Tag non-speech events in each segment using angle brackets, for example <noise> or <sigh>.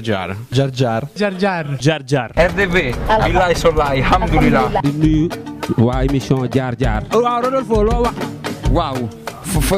Jar Jar. Jar Jar. Jar Jar. Jar Jar. RDV. Billahi Sollai. Alhamdulillah. Why mission Jar Jar. Oh, wow, Rodolfo, oh, wow.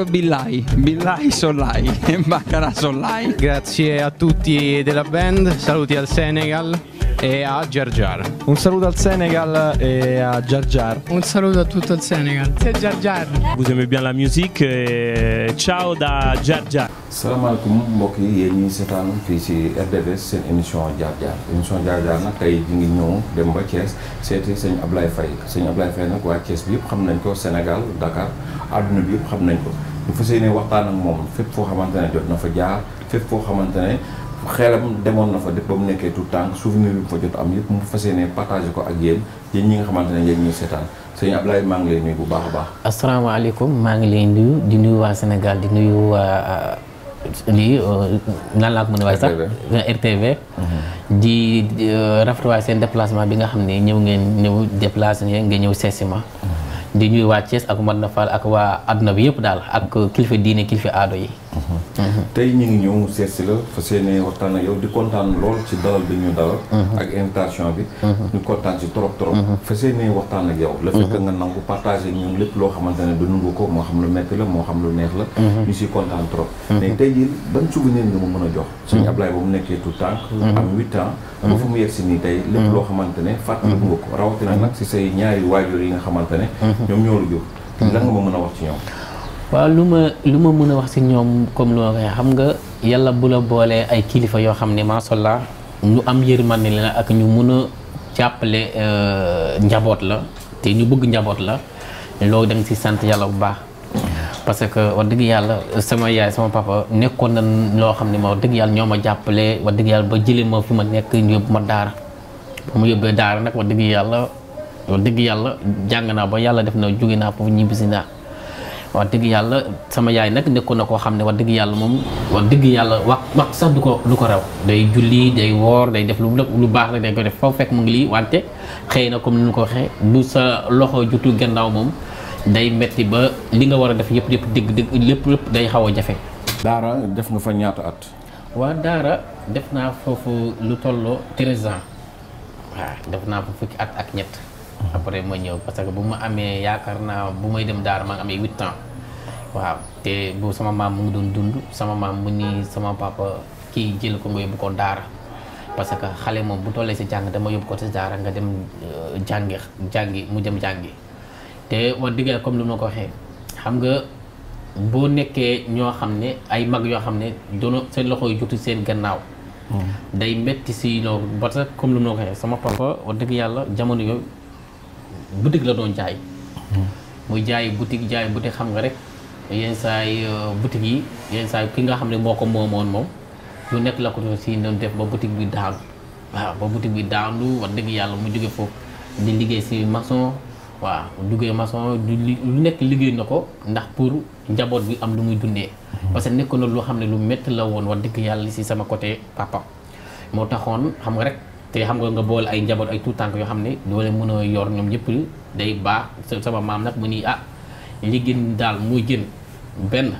Billai, Billai Sollai, <laughs> Baccarà Sollai. Grazie a tutti della band, saluti al Senegal e a Jar Un saluto al Senegal e a Jar Un saluto a tutto il Senegal. Grazie Jar Jar. Vous bien la musique e ciao da Jar Salam salaamaaleykum mbokk yi yéen ñi seetaan fii si RDVS seen émission Jaar Jaar émission Jaar Jaar nag tey ñu ngi ñëw dem ba Thiès seeti sëñ Ablaye Faye sëñ Ablaye Faye nag waa Thiès bi yëpp xam nañ ko Sénégal Dakar àdduna bi yëpp xam nañ ko bu fas yéene waxtaan ak moom fépp foo xamante ne jot na fa jaar fépp foo xamante ne xeelam demoon na fa def ba mu nekkee tout temps souvenir bi mu fa jot am yëpp mu fas yéene partagé ko ak yéen yéen ñi nga xamante ne ñuy seetaan sëñ Ablaye maa ngi lay nuyu bu baax a baax. asalaamaaleykum maa ngi leen nuyu di nuyu waa Sénégal di nuyu waa euh, lii euh, nan laa ko mën a wax sax RTV mhm. di euh, rafetluwaay seen déplacement bi nga xam ne ñëw ngeen ñëw déplacé nga ñëw seesi ma mhm. di ñuy waa Thiès ak Madina Fall ak waa adduna bi yëpp daal ak kilifa aado yi Uh-huh. tey ñu ngi ñëw seet si la fas yéene waxtaan ak yow di kontaan lool ci dalal bi ñu dalal. Uh-huh. ak invitation bi. Uh-huh. ñu kontaan ci trop trop. fas yéene waxtaan ak yow. le fait que nga nangu partagé ñun lépp loo xamante ne du nangu ko moo xam lu métti la moo xam lu neex la. ñu siy kontaan trop. mais tey jii ban souvenir nga mu mën a jox. suñu Ablaye ba mu nekkee tout tànk am huit ans. ba fu mu yegg si nii tey lépp loo xamante ne fàttali nga ko rawatina nag si say ñaari waajur yi nga xamante ne. ñoom ñoo la jur. lan nga a wax ci ñoom. waaw lu ma lu ma mën a wax si ñoom comme lu ma waxee xam nga yàlla bu la boolee ay kilifa yoo xam ne macha allah ñu am man yërmande la ak ñu mun a jàppale euh, njaboot la te ñu bëgg njaboot la loo da nga si sant yàlla bu baax. parce que wax dëgg yàlla sama yaay sama papa nekkoon na loo xam ne ma wax dëgg yàlla ñoo ma jàppale wax dëgg yàlla ba jëlee ma fi ma nekk ñu yóbbu ma daara ba mu yóbbee daara nag wax dëgg yàlla wax dëgg yàlla jàng naa ba yàlla def na jóge naa foofu ñibbisi naa. wax dëgg yàlla sama yaay nag nekkoon na koo xam ne wax dëgg yàlla moom wax dëgg yàlla wax wax sax du ko du ko rew day julli day woor day def lu lu baax rek day ko def foofu fekk mu ngi lii wante xëy na comme ni ko waxee bu sa loxo jutu gannaaw moom day metti ba li nga war a def yëpp yëpp dëgg dëgg lépp lépp day xaw a jafe. Daara def nga fa ñaata at. waa Daara def naa foofu lu tolloo treize ans waaw def naa fa fukki at ak ñett. après ma ñëw parce que bu mu amee yaakaar naa bu may dem daara maa ngi amee huit ans waaw te bu sama maam mu ngi doon dund sama maam mu ni sama papa kii jël ko nga yóbbu daara parce que xale moom bu tollee si jàng dama yóbbu ko si daara nga dem euh, jàngi jàngi mu dem jàngi te wax dëgg comme lu ma ko waxee xam nga boo nekkee ñoo xam ne ay mag yoo xam ne doon seen loxo yu seen gannaaw hmm. day metti si loolu parce lu ma ko dëgg yàlla jamono yooyu boutique la doon jaay hmm. muy jaay boutique jaay boutique xam nga rek yenn saay euh, boutique yi yenn saay ki nga xam ne moo ko moomoon moom lu nekk la ko si def ba boutique bi daanu waaw ba boutique bi daanu wax dëgg yàlla mu jóge foofu di liggéey si maçon waaw duggee maçon lu nekk liggéey na ko ndax pour njaboot bi am lu muy dundee hmm. parce que nekk na loo xam ne lu métti la woon wax dëgg yàlla si sama côté papa moo taxoon xam nga rek te xam nga nga boole ay njaboot ay tout tànk yoo xam ne doo leen mën a yor ñoom ñëpp day baax sama maam nag mu nii ah li gën daal muy gën benn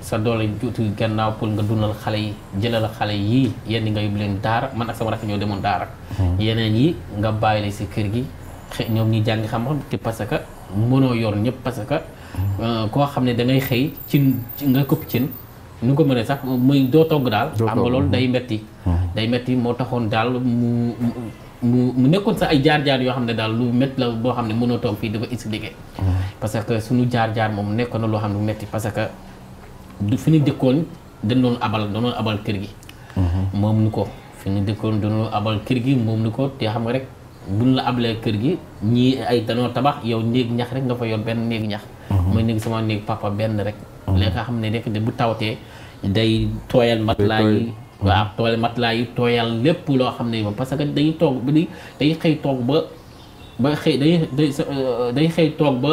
sa doole juuti gannaaw pour nga dundal xale yi jëlal xale yi yenn nga yóbbu leen daara man ak sama rakk ñoo demoon daara hmm. yeneen yi nga bàyyi leen si kër gi xëy ñoom ñi jàngi xam-xam te parce que mënoo yor ñëpp parce que hmm. euh, koo xam ne da ngay xëy cin nga këpp cin nu ko mënee sax muy doo togg daal xam nga loolu day hmm. metti day métti moo taxoon daal mu mu mu nekkoon sa ay jaar-jaar yoo xam ne daal lu métti la boo xam ne mënoo toog fii dafa expliqué. parce que suñu jaar-jaar moom nekkoon na loo xam ne lu métti que du fi ñu dëkkoon dañ doon abal dañu doon abal kër gi. moom ni ko fi ñu dëkkoon dañu abal kër gi moom ni ko te xam nga rek buñ la ablee kër gi ñii ay danoo tabax yow néeg ñax rek nga fa yor benn néeg ñax. mooy néeg sama néeg papa benn rek. Mhm. léegi xam ne nekk de bu tawtee day tooyal matelas yi. waaw tool matelas yi tooyal lépp loo xam ne moom parce que dañuy toog ba di dañuy xëy toog ba ba xëy dañuy euh, dañuy xëy toog ba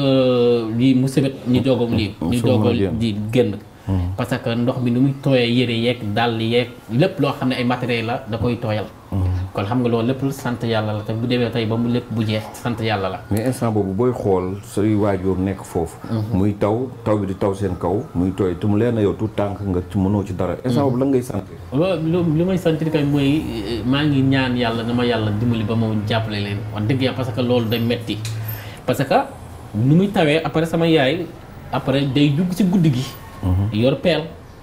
euh, lii mu sebet ñu doogam lii ñu doogam di génn hmm. parce que ndox mi nu muy tooyee yére yeeg dàll yeeg lépp loo xam ne ay matériel la da koy tooyal hmm. kon xam nga loolu lépp sant yàlla la te bu demee tey ba mu lépp bu jeex sant yàlla la mais instant boobu booy xool say waajur nekk foofu mhm. muy taw taw bi di taw seen kaw muy tooy te mu leen na yow tout tànk nga ci mënoo ci dara instant boobu lan ngay sant may sentir kay eh, maa ngi ñaan yàlla na ma yàlla dimbali ba ma jàppale leen wax dëgg yàlla parce que loolu day metti parce que nu muy tawee après sama yaay après day jug si guddi gi mhm. yor peel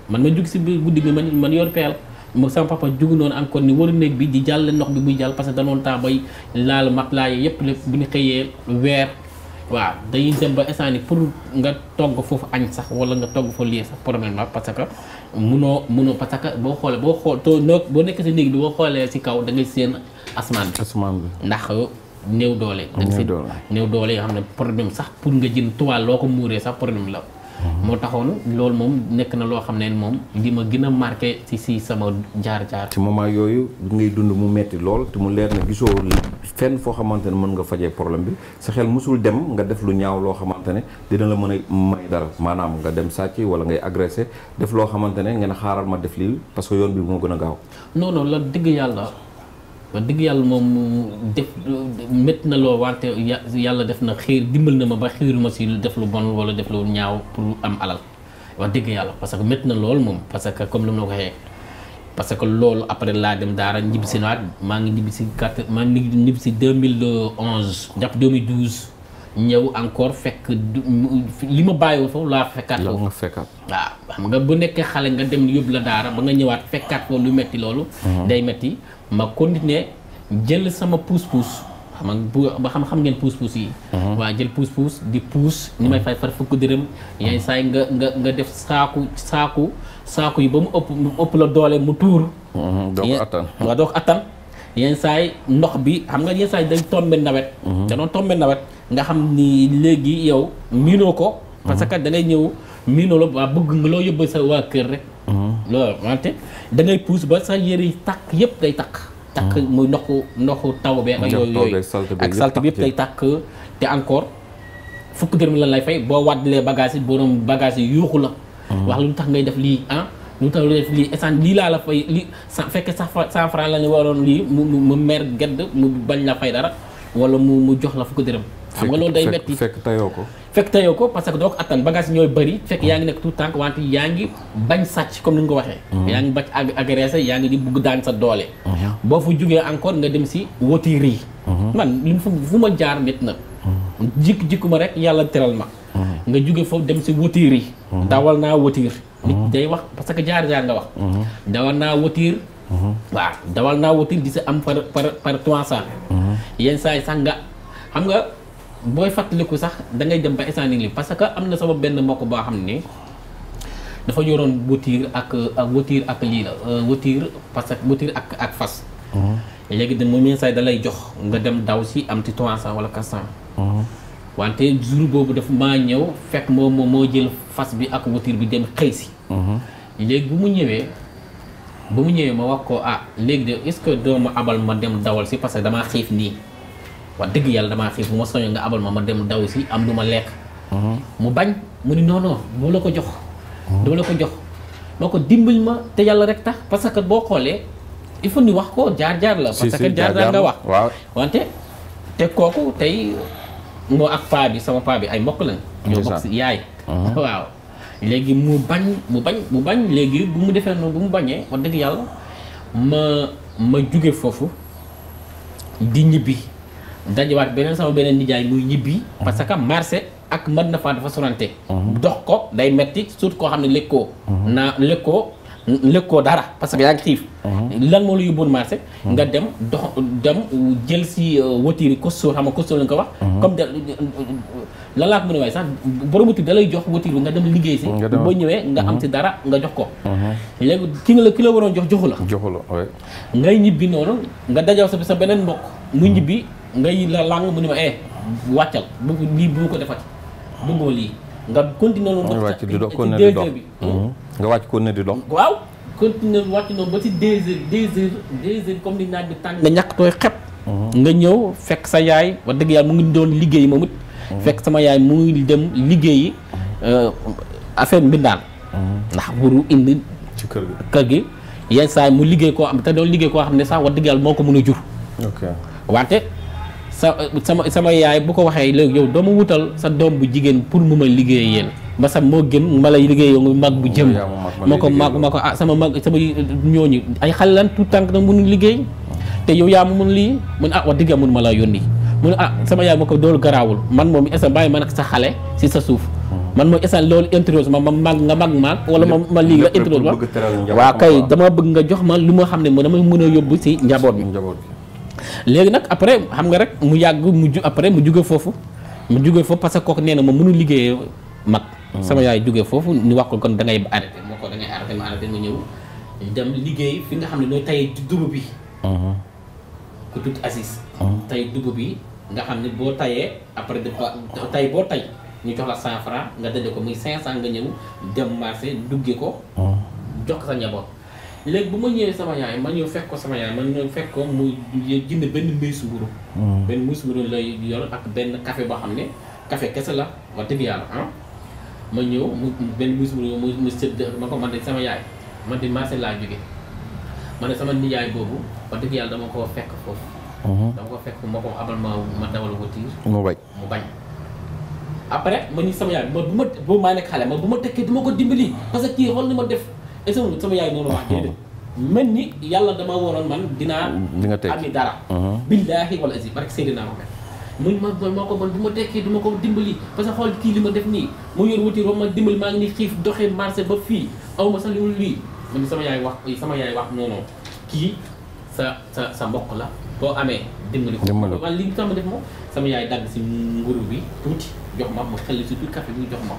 man ma jug si guddi gi man yor peel mu sama papa jugu noonu encore ni waru néeg bi di jàll ndox bi muy jàll parce que danoon temps bay laal matelas yi yëpp lépp bu ñu xëyee weer waaw dañuy dem ba instant ni pour nga togg foofu añ sax wala nga togg fa lii sax problème la parce que munoo munoo parce que boo xoolee boo xool too noo boo nekk si néeg bi boo xoolee si kaw da ngay seen asmaan bi asmaan bi ndax néew doole. néew doole da nga seen doole yoo xam ne problème sax pour nga jën tuwaal loo ko muuree sax problème la. moo taxoon loolu moom nekk na loo xam ne moom li ma gën a marqué ci si sama jaar-jaar. ci moment yooyu ngay dund mu metti lool te mu leer na gisoo fenn foo xamante ne mën nga fajee problème bi sa xel musul dem nga def lu ñaaw loo xamante ne dina la mën a may dara maanaam nga dem sàcc wala ngay agressé def loo xamante ne ngeen xaaral ma def lii parce que yoon bi moo gën a gaaw. non la dëgg yàlla. wax dëgg yàlla moom def métti na loo wante yàlla def na xiir dimbal na ma ba xiiruma si def lu bon wala def lu ñaaw pour am alal wax dëgg yàlla parce que métti na lool moom parce que comme lu ma ko waxee parce que loolu après laa dem daara ñibbi si naat maa ngi ñibbi si quatre maa ngi ñibbi si deux mille onze jàpp deux ñëw encore fekk lima ma bàyyiwul foofu laa fekkaat foofu nga fekkaat waaw xam nga bu nekkee xale nga dem yóbbu la daara ba nga ñëwaat fekkaat foofu lu metti loolu mhm. day metti ma continuer jël sama pousse-pousse xam nga ba xam-xam ngeen pousse-pousse yi mhm. waa jël di pousse ni may mhm. fay far fukk dërëm yaay saay nga nga def saaku saaku saaku yi ba mu ëpp ëpp la doole mu tuur doo ko attan ko yenn saay ndox bi xam nga yenn saay day tombe nawet mhm. danoon tombe nawet nga xam ni léegi yow miinoo ko parce mhm. que da ngay ñëw miinoo la waa bëgg nga loo yóbbu sa wa kër rek mhm. loolu wante da ngay pousse ba sa yëre tak takk yëpp day tak takk muy ndoxu ndoxu taw bi ak yooyu yooyu ak salte bi yëpp day takk te encore fukk dërëm la lay fay boo wàddalee bagage yi borom bagage yi yuuxu la wax lu tax ngay def lii ah lu tax lu def lii essan lii laa la fay li fekk cent franc la ne waroon lii mu mu mer gedd mu bañ la fay dara wala mu mu jox la fukk dërëm xam nga loolu day metti fekk tayoo ko fekk tayoo ko parce que doo ko attan bagage ñooy bëri fekk yaa ngi tout temps wante yaa bañ sàcc comme ni nga ko waxee mhm. yaa agressé yaa di bugg daan sa doole mhm. boo fa jugee encore nga dem si wotir yi mhm. man li fu fu ma jaar métt na jikk jikku ma rek yàlla teral ma nga jugee foofu dem si wotir dawal naa wotir nit day wax parce que jaar-jaar nga wax. Mhm. dawal naa wotir. Mhm. waaw dawal naa wotir di sa am par par par trois cent. Mhm. yenn saa yi sax nga xam nga booy fàttaliku sax da ngay dem ba instant li parce que am sama benn mbokk boo xam dafa yoroon wotir ak ak wotir ak lii la eh, wotir parce que ak ak fas. léegi ya, de moom yenn saa jox nga dem daw am ci wala quatre wante jour boobu daf maa ñëw fekk moom moo jël fas bi ak butir bi dem Mm-hmm. léegi bu mu ñëwee bu mu ñëwee ma wax ko ah léegi de est-ce que doo ma abal ma dem dawal si parce que damaa xiif nii wax dëgg yàlla damaa xiif bu ma soño nga abal ma ma dem daw si am lu ma lekk mm-hmm. mu bañ mu ni non non doo la ko jox mm-hmm. doo la ko jox moo ko dimbali ma te yàlla rek tax parce que boo xoolee il faut ni wax ko jaar-jaar la parce jaar-jaar nga wax wante te kooku tey moo ak paa bi sama paa bi ay mbokk lañ ñoo bokk si yaay <laughs> waaw léegi mu bañ mu bañ mu bañ léegi bu mu defee noonu bu mu bañee wax dëgg yàlla ma ma jóge foofu di ñibbi dajewaat beneen sama beneen nijaay muy ñibbi. parce que marché ak mën na faa dafa sorante mhm. dox ko day metti suut koo xam ne lekkoo mhm. naa lekkoo lekkoo dara parce que yaa ngi xiif mhm. lan moo la yóbbuwoon marché nga dem dox dem jël si watiiri euh, costaud xam nga costaud lañ ko wax comme lan laa ko mën a waaye sax borom wutil jox lay jox wutil nga dem liggéey si boo ñëwee nga am si mhm. dara nga jox ko mhm. léegi ki nga la ki la waroon jox joxu la joxu la ngay ñibbi noonu nga dajaw sa sa beneen mbokk mu ñibbi ngay la lang mu ne ma eh wàccal bu lii bu mu ko defati bëggoo lii nga continuer noonu mhm. nga wàcc di dox nga wàcc ko ne di dox waaw continuer wàcc noonu ba si deux heures deux heures deux heures comme ni naaj bi tàng nga ñàkk tooy xep nga ñëw fekk sa yaay wax dëgg yàlla mu ngi doon liggéey moom it Mhm. fekk sama yaay mu ngi dem liggéeyi euh, affaire mbindaan mhm. ndax pour indi ci kër gi kër gi yenn saa mu liggéey koo am te doon liggéey koo xam ne sax wax dëgg moo ko mën a jur wante sa sama sama yaay bu ko waxee léegi doo dooma wutal sa doom bu jigéen pour mu ma liggéey yéen ma sax moo gën ma lay liggéey yow mag bu jëm ma ko mag ma ko ah sama mag sama ñooñu ay xale lan tout tànk na mënu liggéey te yow yaa ma mun lii mun ah wax dëgg yàlla mun ma la yónni mu ne ah sama yaay ma ko doolu garaawul man moom instant bàyyi ma nag sa xale si sa suuf man mooy instant loolu introse ma ma màgg nga màgg maag wala ma ma lii nga introse ma waaw kay dama bëgg nga jox ma lu ma xam ne mo damay mën a yóbbu si njaboot bi léegi nag après xam nga rek mu yàgg mu ju après mu jóge foofu mu jóge foofu parce que kooku nee na ma mënul liggéeyee mag hmm. sama yaay jóge foofu ni wax ko kon dangay ngay arrêté moo ko da ngay arrêté ma arrêté ma ñëw dem liggéey fi nga xam ne nooy tayee dugub bi hmm. ku tudd Aziz. Ah. tey dugub bi nga xam ne boo tayee après de tay boo tay ñu jox la cent franc nga dënd ko muy cinq cent nga ñëw dem marché dugge ko. Ah. jox ko sa njaboot. léegi bu ma ñëwee sama yaay ma ñëw fekk ko sama yaay man ñëw fekk ko muy jënd benn mbuus mburu ah. benn mbuus mburu lay yor ak benn café boo xam ne café kese la wax dëgg yàlla ah. ma ñëw mu benn mbuus mburu mu mu sëdd ma ko man de sama yaay man de marché laa jóge ma sama nijaay boobu wax dëgg yàlla dama ko fekk foofu. Mhm. dama ko fekk ma ko abal ma ma dawal voiture. mu bañ mu ma ni sama yaay ma bu ma boobu maa nekk ma bu ma tekkee duma ko dimbali parce que kii xool ni ma def est ce que sama yaay mhm. mel ni yàlla dama waroon man dinaa. di nga tekki ami dara. Mhm. billaahi wala azim barke Seydina Muhammad muy ma moo ko bon bu ma tekkee du ma dimbali parce que xool kii li ma def nii mu yor wuti ba ma dimbali xiif doxee marché ba fii aw ma sax li lii man sama yaay wax sama yaay wax non kii sa sa sa mbokk la boo amee dimbali ko. dimbali ko li nga def moom sama yaay dagg si nguru bi tuuti jox ma ma xel si tuuti café bi jox ma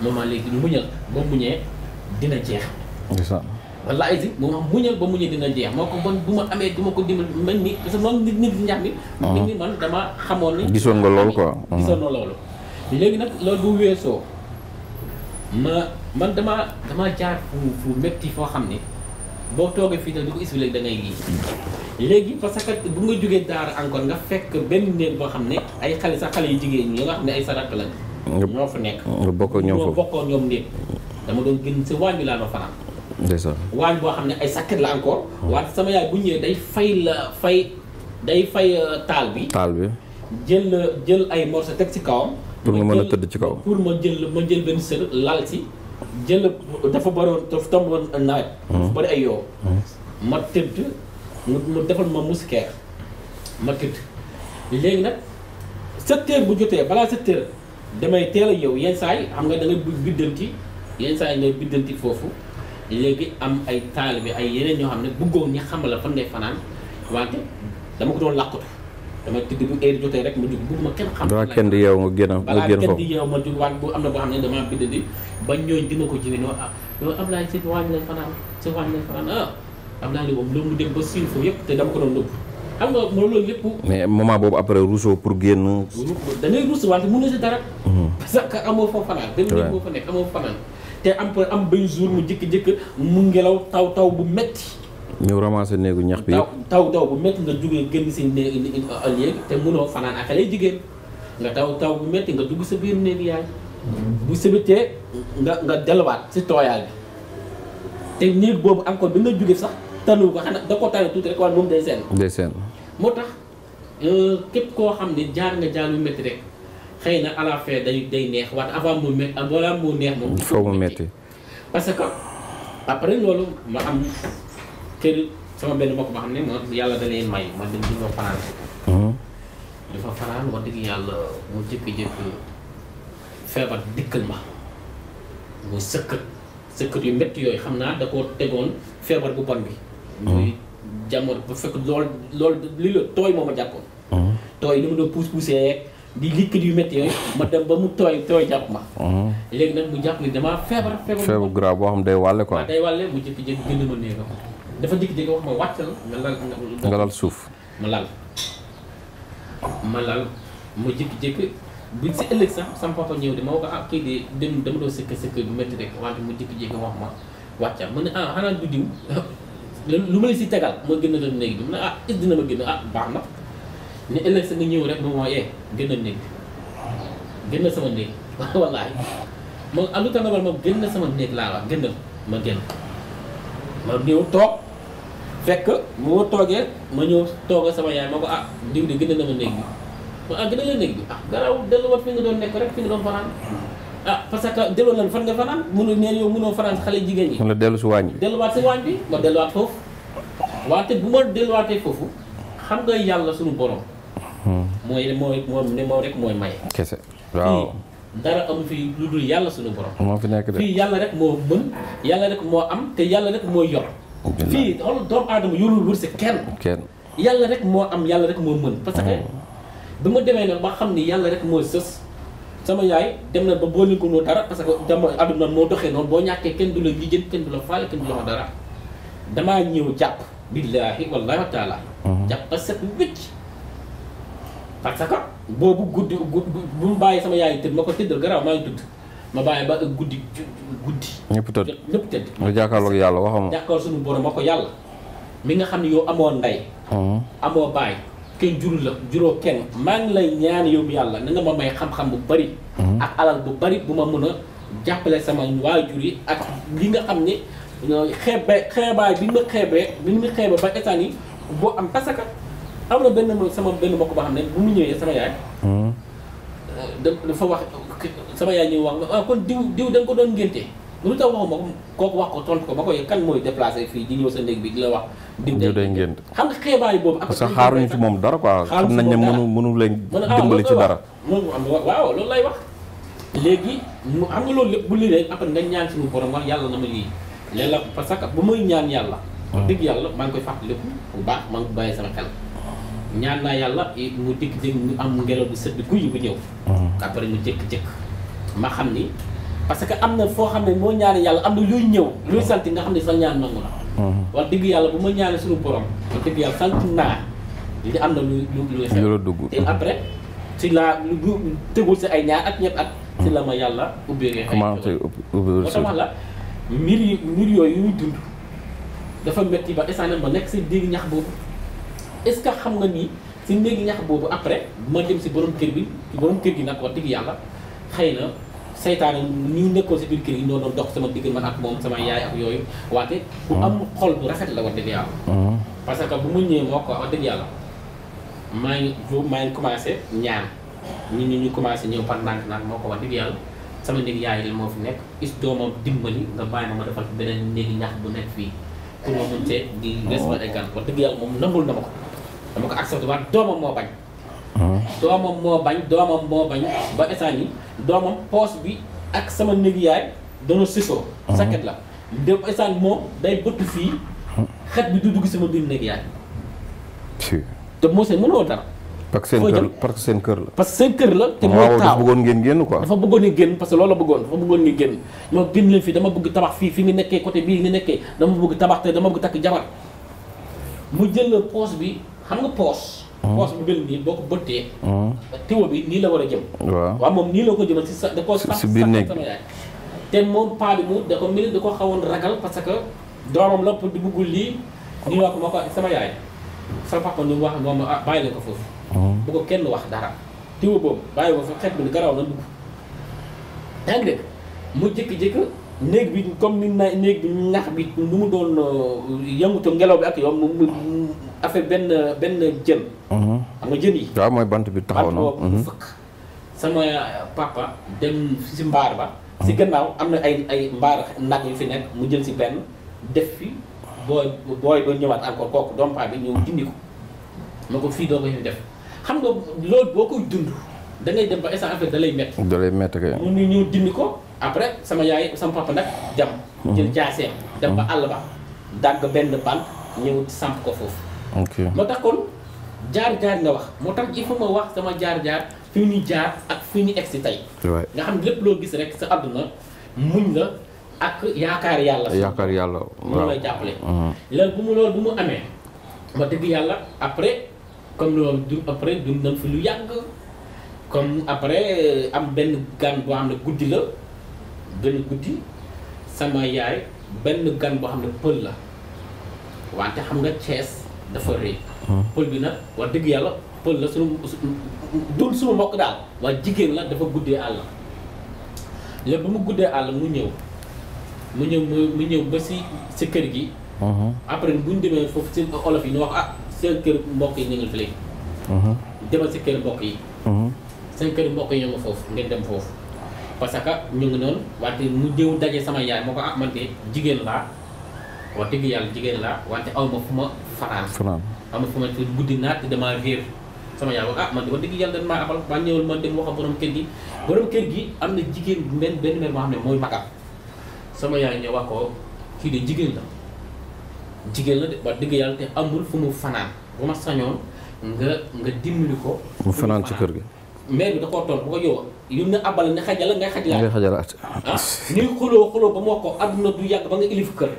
moment léegi muñal ba muñee dina jeex. wallaahi si mu ma muñal ba muñee dina jeex moo ko bon bu ma amee du ma ko dimbali mel ni parce que noonu nit nit ñax mi. nit ñi ah. man dama xamoon ni. gisoon nga loolu quoi. gisoon na loolu. léegi nag loolu bu weesoo ma. man damaa damaa jaar fu fu métti foo xam ne boo toogee fii nag di ko expliqué da ngay lii léegi parce que bu nga jógee daara encore nga fekk benn néeg boo xam ne ay xale sax xale yu jigéen ñi nga xam ne ay sarak la ñoo fa nekk nga bokk ñoom foofu bokkoo ñoom néeg dama doon gën sa waañ bi laa ma fanaan ndeysaan waañ boo xam ne ay sakkat la encore waaye sama yaay bu ñëwee day fay la fay day fay euh, taal bi taal bi jël jël ay morceau teg ci kawam pour nga mën a tëdd ci kaw pour ma jël ma jël benn sër lal si jël dafa baroon dafa tomboon naaj. Hmm. dafa bari ay yoo. Hmm. ma tëdd mu mu defal ma muskeer ma tëdd léegi nag sept heures bu jotee balaa sept heures damay teel a yow yenn saa yi xam nga da nga biddanti yenn saa yi ngay biddanti foofu léegi am ay taalibe ay yeneen ñoo xam ne bëggoon ñi xamal la fan ngay fanaan wante dama ko doon làqatu dama tëdd bu heure jotee rek ma jóg bëgg ma kenn xam. balaa kenn yow nga génn nga génn foofu balaa kenn di yow ma jóg wante bu am na boo xam ne damaa biddanti. bañ ñooñu dima ko jiwe noo ah yow Ablaye ci wàññi lay fanaan ci wàññi lay fanaan ah Ablaye li moom loolu mu dem ba siin foofu yëpp te dama ko doon nëbb xam nga loolu lépp mais moment boobu après rousseau pour génn da ngay ruus wante dara mhm. parce amoo foofu fanaan fa nekk amoo fanaan te am am benn jour mu jëkk-jëkk mu ngelaw taw taw bu metti ñëw ramassé néegu ñax bi taw taw bu metti nga jógee génn si te mënoo fanaan jigéen nga taw taw bu metti nga dugg sa biir néeg yaay bu sibitee nga nga delluwaat si tooyaal bi te niig boobu encore bi nga jóge sax tanu ko xanaa da ko tane tuuti rek waaye moom day seen moo tax euh, képp koo xam ne jaar nga jaar mu métti rek xëy na à la fin day day neex waaye avant mu métti avant mu neex moom mu métti parce que après loolu ma am kër sama benn mbokk ma xam ne ma yàlla da may ma dem di ma fanaan mhm. dafa fanaan wax dëgg yàlla mu jëkki-jëkki feebar dikkal ma muy sëkkat sëkkat yu métti yooyu xam naa da koo tegoon feebar bu bon bi muy jàmmoon bu fekk lool lool li la tooy moo ma jàppoon mm-hmm. tooy li mu doon puus puusee di liquide yu métti yooyu ma dem ba mu tooy tooy jàpp ma mm-hmm. léegi nag mu jàpp damaa feebar feebar feebar grave boo xam day wàlle quoi day wàlle mu jékki-jékki gën ma néegam dafa jékki-jékki wax ma wàccal nga lal nga lal suuf ma lal ma lal mu jékki-jékki bi si ëllëg sax sama papa ñëw de ma wax ko ah kii de dem dama doon sëkk sëkk bu métti rek wante mu jékki-jékki wax ma wàccal mu ne ah xanaa du diw <laughs> lu ma la si tegal ma gën a doon néeg bi ah dina ma gën a ah baax na ne ëllëg sax nga ñëw rek moom mooy eh gën a néeg gën na sama néeg <laughs> wallaahi moom alu ah, na sama néeg laa wax ma gën ma toog fekk mu ma toogee ma ñëw toog sama yaay ma ko ah diw de gën na ma néeg bi ba àgg na la néeg ah garaaw delluwaat fi nga doon nekk rek fi nga doon fanaan ah parce que delloo lan fan nga fanaan mënoo neen yow mënoo fanaan xale jigéen ñi. la dellu si waañ bi delluwaat si waañ bi ma delluwaat foofu waate bu ma delluwaatee foofu xam nga yàlla suñu borom hmm. mooy mooy moom ne moom rek mooy maye kese waaw dara amu lu dul yàlla suñu borom moo fi nekk de fii yàlla rek moo mën yàlla rek moo am te yàlla rek moo yor fii xool doomu aadama yorul wërsëg kenn kenn yàlla rek moo am yàlla rek moo mën parce que hmm. bi ma demee nag ma xam ni yàlla rek mooy sës sama yaay dem na ba boo leen ko noo dara parce que dama àdduna moo doxee noonu boo ñàkkee kenn du la lijjën kenn du la faale kenn du la wax dara damaa ñëw jàpp billaahi wallaahi wa taala mhm. jàpp ba set wicc parce que boobu guddi bu mu bàyyi sama yaay tëdd ma ko tëddal garaaw maa ngi tëdd ma bàyyi ba guddi guddi ñëpp tëdd ñëpp tëdd nga jàkkaarloog yàlla waxam jàkkaar suñu borom ma ko yàlla mi nga xam ne yoo amoo ndey mhm. amoo bàyyi fekkee jur la juróo kenn maa lay ñaan yow yàlla na nga ma may xam-xam bu bari mhm. ak alal bu bari bu ma mën a sama waajur juri? ak li nga xam ne xeebe xeebaay bi ma xeebee bi ma xeebee ba état yi am parce que am na sama benn mbokk boo xam ne bu mu ñëwee sama yaay mhm. euh, dafa wax sama yaay ñëw wax ah kon diw diw ko doon ngénte lu tax waxuma ko kooku wax ko tontu ko ba ko kan mooy déplacé fii di ñëw sa néeg bi di la wax. diw day ngént xam nga xeebaay boobu. parce que xaaruñu ci moom dara quoi. xam nañ ne mënu mënu leen ah, dimbali ci dara. mënu am waaw loolu lay wax. léegi mu am nga loolu lépp bu lii rek après nga ñaan suñu borom wax yàlla na ma lii léegi la parce que bu may ñaan yàlla. wax dëgg yàlla maa ngi koy fàttaliku bu baax maa ngi ko bàyyi sama ñaan naa yàlla mu dikk jékki mu am ngelaw bu sëdd guy bu ñëw. Mm-hmm. après mu jékki-jékki ma xam ni parce que am na foo xam ne moo ñaane yàlla am na yooyu ñëw looy sant nga xam ne sa ñaan nangu la mhm. wax dëgg bu ma ñaane suñu borom wax dëgg yàlla sant naa li am na lu lu luy xew après si la lu tegul si ay ñaar ak ñett ak si la ma yàlla ubbeeree commencé ubbeeree sa wax la mbir yi mbir yooyu yuy dund dafa métti ba instant ma nekk si dégg ñax boobu est ce que xam nga ni si néegi ñax boobu après ma dem si borom kër bi borom kër gi nag wax dëgg yàlla xëy seytaane ñu nekkoon si biir kër yi dox sama digg man ak moom sama yaay ak yooyu wante bu ah. am xol bu rafet la wax dëgg yàlla ah. parce que bu mu ñëwee moo ko wax dëgg yàlla maa ngi maa ngi commencé ñaan ñun ñu ñu commencé ñëw par ndànk naan moo ko wax dëgg yàlla sama néeg yaay moo fi nekk is doomam dimbali nga bàyyi ma ma defal beneen néeg ñax bu nekk fii pour ma mun see di ah. res ma wax dëgg yàlla moom nangul na ko dama ko accepté waat doomam moo bañ doomam moo bañ doomam moo bañ ba instant yi doomam poos bi ak sama néeg yaay dana sisoo saket la dem instant moom day bëtt fii xet bi du dugg sama biir néeg yaay te moo seen mënoo dara parce que seen kër parce que seen kër la parce que seen kër la te mooy taaw dafa bëggoon ngeen génn quoi dafa bëggoon ngeen génn parce que loolu la dafa bëggoon ngeen génn ma génn leen fii dama bëgg tabax fii fi nga nekkee côté bii nga nekkee dama bëgg tabax te dama bëgg takk jabar mu jël poos bi xam nga poos poos bu mel nii boo ko bëttee. Mmh. teewoo bi nii la war a jëm. waaw waaw moom nii la ko jëmal si sa da koo. si biir nekk sama yaay. te moom paa bi mu da ko mel da ko xawoon ragal parce que doomam la pour di buggul lii nii wax ma ko sama yaay sama papa nu mu wax moom ah bàyyi la ko foofu. Mmh. bu ko kenn wax dara teewoo boobu bàyyi ko fa xet bi garaw na dugg. yaa ngi dégg mu jékki-jékki néeg bi comme ni na néeg bi ñax bi nu mu doon euh, yëngutu ngelaw bi ak yow mu. affaire benn benn jën. Mhm. xam nga jën yi. waaw mooy bant bi taxaw na bant boobu mhm. fëkk. sama euh, papa dem ba. si mhm. gannaaw am na ay ay mbaar nag yu fi nekk mu jël si benn def fi booy booy ba ñëwaat encore kooku doom paa ko ma ko def xam nga loolu boo koy dund da ngay ba instant affaire da lay métti. ñu ñëw ko après sama yaay sama papa nag jam jaaseem. dem ba àll ba dagg benn bant ñëw samp ko foofu. ok moo tax kon jaar-jaar nga wax moo tax ma wax sama jaar-jaar fini ñu jaar ak fini ñu egsi tey. nga xam ne lépp gis rek sa àdduna muñ la ak yaakaar yàlla. yaakaar yàlla waaw mu lay jàppale. Mm-hmm. léegi bu mu loolu bu mu amee ma dëgg yàlla après comme loolu du après dund nañ fi lu yàgg comme après am benn gan boo xam ne la benn guddi sama yaay ben gan boo xam ne pël la wante xam nga Thiès. dafa rëy. Hmm. pël bi nag wax dëgg yàlla pël la sunu doon sunu mbokk daal waaye jigéen la dafa guddee àll lépp bu mu guddee àll mu ñëw mu ñëw mu ñëw ba si sa kër gi. Hmm. après bu ñu demee foofu seen olof yi ñu wax ah seen mbokk yi ñu ngi fi hmm. si kër mbokk yi. seen kër mbokk yi ñoo nga dem foofu. parce que ñu ngi noonu wante mu ñëw daje sama yaay moo ko ah man de jigéen laa wax dëgg yàlla jigéen laa wante aw ma fu ma. fanaan am na fu ma fi guddi naat damaa réer sama yaay ah man de wax dëgg yàlla dañ abal maa ma dem wax ak kër gi borom kër gi am na jigéen benn benn mère moo xam ne mooy magam sama yaay ñëw wax kii de jigéen jigéen la de amul fu mu fanaan ma sañoon nga nga ko mu fanaan ci kër gi mère bi da koo toon bu ko yow ñuy ah, xuloo xuloo ba mu wax ko adduna du yàgg ba nga ilif kër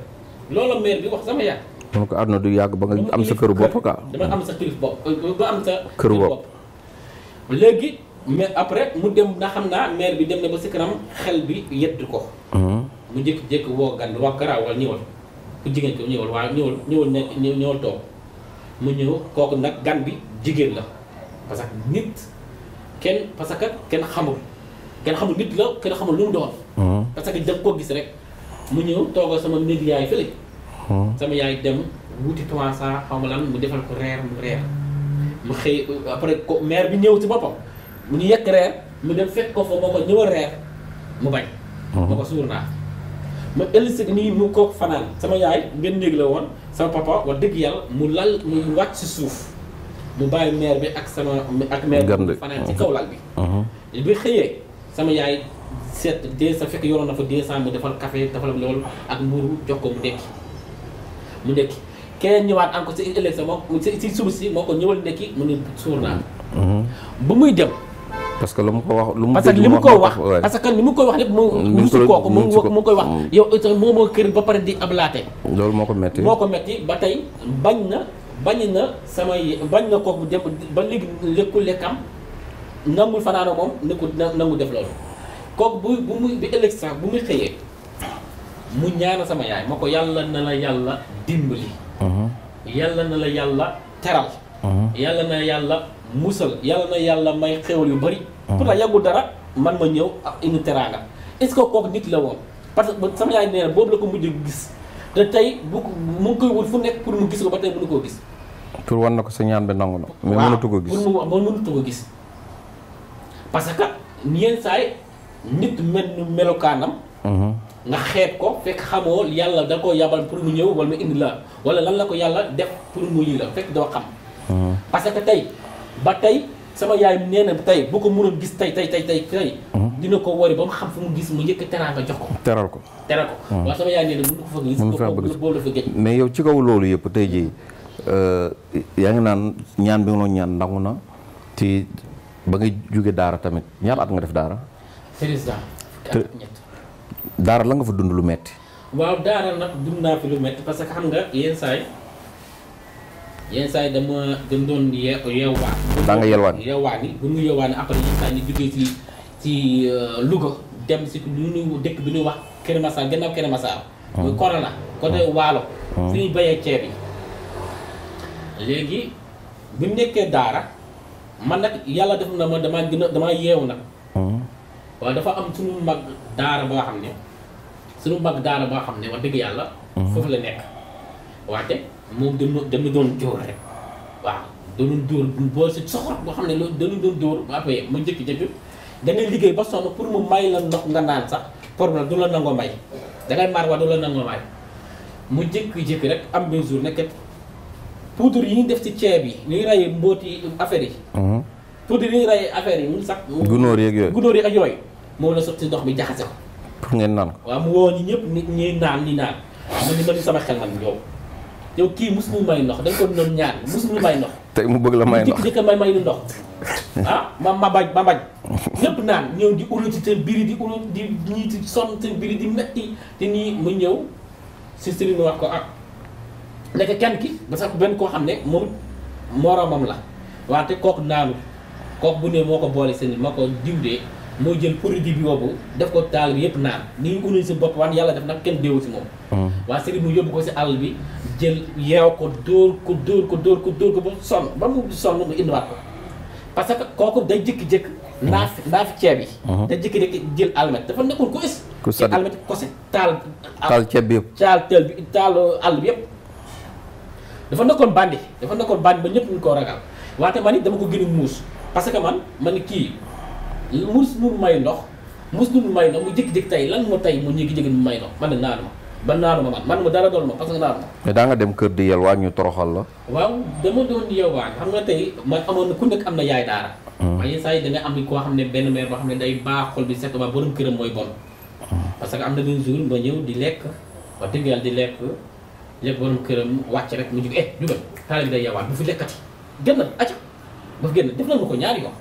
loolu mère bi wax sama yaay donc àdduna du yàgg ba nga am sa këru bopp quoi. dama am sa kilif bopp ba am sa. këru bopp léegi mais après mu dem na xam naa maire bi dem na ba si kanam xel bi yedd ko. Mhm. mu jékki-jékki woo gan waa Kara wala ñëwal ku jigéen ko ñëwal waaye ñëwal ñëwal nekk ñëwal toog mu ñëw kooku nag gan bi jigéen la parce que nit kenn parce que kenn xamul kenn xamul nit la kenn xamul lu mu doon. Mhm. parce que daf koo gis rek mu ñëw toogal sama néeg yaay fële. sama yaay dem wuti trois cent xaw ma lan mu defal ko reer mu reer mu xëy après ko maire bi ñëw si boppam mu ñu yekk reer mu dem fekk ko fa moo ko ñëwal reer mu bañ ma ko suur naa ma ëllëg nii mu kook fanaan sama yaay benn la woon sama papa wax dëgg yàlla mu lal mu wàcc suuf mu bàyyi maire bi ak sama ak maire bi fanaan ci kaw lal bi bi xëyee sama yaay seet dee sa fekk yoroon na fa deux cent mu defal café defal loolu ak mburu jox ko mu dekki mu ndekki keneen ñëwaat encore si élection moom si suba si moo ko ñëwal ndekki mu ne suur naa mhm. bu muy dem parce que lu mu ko wax lu mu parce que li mu ko wax parce que li mu ko wax lépp mu si kooku mu ngi koy wax mm. yow moo moo kër ba pare di ablaate loolu moo ko metti moo ko metti ba tey bañ na bañ na sama bañ na kooku dem ba léegi lekku lekkam nangul fanaana moom ne nangu def loolu kook bu bu muy bi élection bu muy xëyee mu ñaana sama yaay ma ko yàlla na la yàlla dimbali. Uh-huh. yàlla na la yàlla teral. Uh-huh. yàlla na yàlla musal yàlla na yàlla may xéwal yu bëri. Uh-huh. pourtant yàggul dara man ma ñëw ak indi teraanga est-ce que kooku nit la woon parce que sama yaay nee boobu la ko mujj gis te tey bu mu ngi koy wut fu nekk pour mu gis ko ba tey mënu koo gis. pour wan na ko sa ñaan bi nangu na. mais mënatu ko mu mënatu ko gis. parce que yenn saa nit mel melokaanam. nga xeet ko fekk xamoo yàlla da ko yabal pour mu ñëw wala mu indi la wala lan la ko yàlla def pour mu lii la fekk doo xam. Mm-hmm. parce que tey ba tey sama yaay nee na tey boo ko mënoon gis tey tey tey tey. Mm-hmm. dina ko wari ba mu xam fu mu gis mu njëkk teraanga jox ko. teral ko teral ko. Mm-hmm. waaw sama yaay nee na mënu ko fa gis. mënu faa bëgg boobu la géej. mais yow ci kaw loolu yëpp tey jii euh, yaa ngi naan ñaan bi nga doon ñaan nangu na te ba nga jóge daara tamit ñaar at nga def daara. daara la nga fa dund lu metti waaw daara nag dund naa fi lu metti parce que xam nga yenn saay yenn saay dama dem doon ye yeewaan daa nga yelwaan yeewaan yi bu mu yeewaan après yenn saay ñu jógee ci ci euh, Louga dem si lu ñu dëkk bi ñuy wax Kër Massar gannaaw Kër Massar muy Corona mm. côté mm. Waalo suñu mm. cherry. ceeb yi léegi bu nekkee daara man nag yàlla def na ma damaa gën waaw dafa am suñu mag daara boo xam ne suñu mag daara boo xam ne wax dëgg yàlla. Mhm. foofu la nekk. waate mu dañu dañu doon dóor rek waaw dañu dóor boo boo xam ne loolu dañu doon dóor ba après ma da ngay liggéey ba sonn pour mu may la ndox nga naan sax problème du la nangoo may da ngay maar waa du la nangoo may mu jékki-jékki rek am benn jour nekk poudre yi ñu def ci ceeb yi ñuy rey mbooti affaire yi. Mhm. poudre yi ñuy rey affaire yi mun sax. gunóor yeeg yooyu gunóor yi ak yooyu. moom la sotti ndox bi jaxase ko. pour ngeen naan ko. mu woo ñi ñëpp nit ñi naan ñi naan man ni man sama xel man yow yow kii musul may ndox dañ ko doon ñaan musul may tey mu bëgg la may ah, ma ma bañ ma bañ ñëpp naan ñëw di ulu ci te biri di ulu di ñii ci sonn te biri di metti te nii mu ñëw si sëriñ wax ko ak ah, nekk kenn ki ba sax benn koo xam ne moom moroomam la wante kooku naanu kooku bu ne moo ko boole seen moo ko diwdee moo jël produit bi boobu def ko taal bi yëpp naan ni ñu si bopp waan yàlla def nag kenn déewu si moom oh. waa sëriñ mu yóbbu ko si àll bi jël yeew ko dóor ko dóor ko dóor ko dóor ko ba mu sonn ba mu sonn mu indiwaat ko parce que kooku day jëkki-jëkk mm-hmm. naaf naaf ceeb yi uh-huh. day jëkki-jëkki jël almet dafa nekkul ko is te almet kose taal taal ceeb bi yëpp taal teel bi taal àll bi yëpp dafa nekkoon bandi dafa nekkoon bandi ba ñëpp ñu ko ragal waate man it dama ko gën que man mus lu may ndox mus lu may ndox mu jékki-jékki tey lan moo tey mu jékki-jékki mu may ndox man naa naanu ma ba naanu ma man man ma dara doon ma parce que naanu ma. mais daa nga dem kër di waa ñu toroxal la. waaw dama doon yelwaan xam nga tey man amoon na ku nekk am na yaay daara. Hmm. waaye saa yi da am am koo xam ne benn meer boo xam ne day baax xol bi set ba borom mooy bon. Hmm. parce que am na benn jour ba ñëw di lekk wax dëgg yàlla di lekk lekk borom këram wàcc rek mu jóg eh jugal taale bu fi lekkati génn acca ba fi génn ko ñaari yoon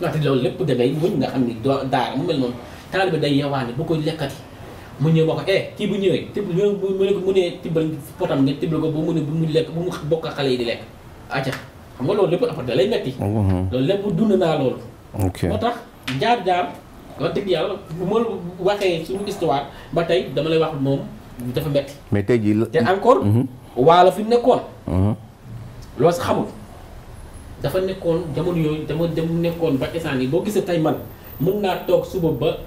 ndaxte loolu lépp dangay muñ nga xam ni doo daara mu mel noonu taalibe day yawaane bu koy lekkati mu ñëw ba ko eh kii bu ñëwee tibb mu ne mu ne tibbal potam bu mu lekk bu mu bokk xale yi di lekk acca xam nga loolu lépp après da lay metti mhm. loolu lépp dund naa loolu moo tax jaar-jaar wax dëgg yàlla bu ba tey dama lay wax moom dafa metti mais tey jii te encore mhm. waalo fi nekkoon mhm. loolu sa xamul dafa nekkoon jamono yooyu dama dem nekkoon ba instant yi boo gisee tey man mën naa toog suba ba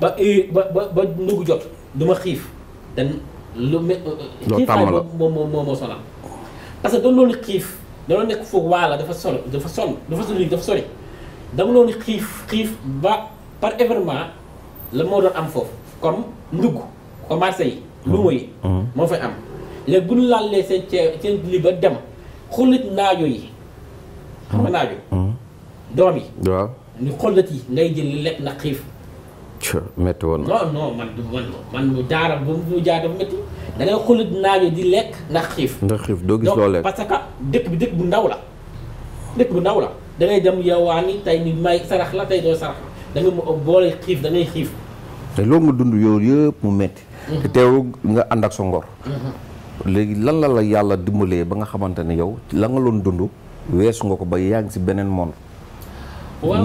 ba ba ba jot du xiif dan lu me euh, euh, xiifaay moom moom moo moo sonal parce que loolu xiif dana nekk foofu waala dafa sol dafa sol dafa sol dafa sori dama doon xiif xiif ba par événement la moo doon am foofu comme ndugg comme Marseille yi luuma yi mm-hmm. moo fa am léegi bu ñu laalee seen cee seen li ba dem xulit naajo yi xam nga naaju. Hmm. doom yi. waaw ñu xollati ngay jël li lekk ndax xiif. metti woon na man mu daara ba mu jaar dafa métti da ngay xollit di lekk ndax xiif. nga xiif doo gis loo lekk parce que dëkk bi dëkk bu ndaw la dëkk bu ndaw la da ngay dem yawaani tey ni may sarax la tey doo sarax la da nga boole xiif da xiif. te loo nga dund yooyu yëpp mu métti. Hmm. te teewu nga ànd ak sa ngor. Hmm. léegi lan la la yàlla dimbalee ba nga xamante ne yow la nga loon dund. weesu nga ko ba yaa ngi si beneen monde.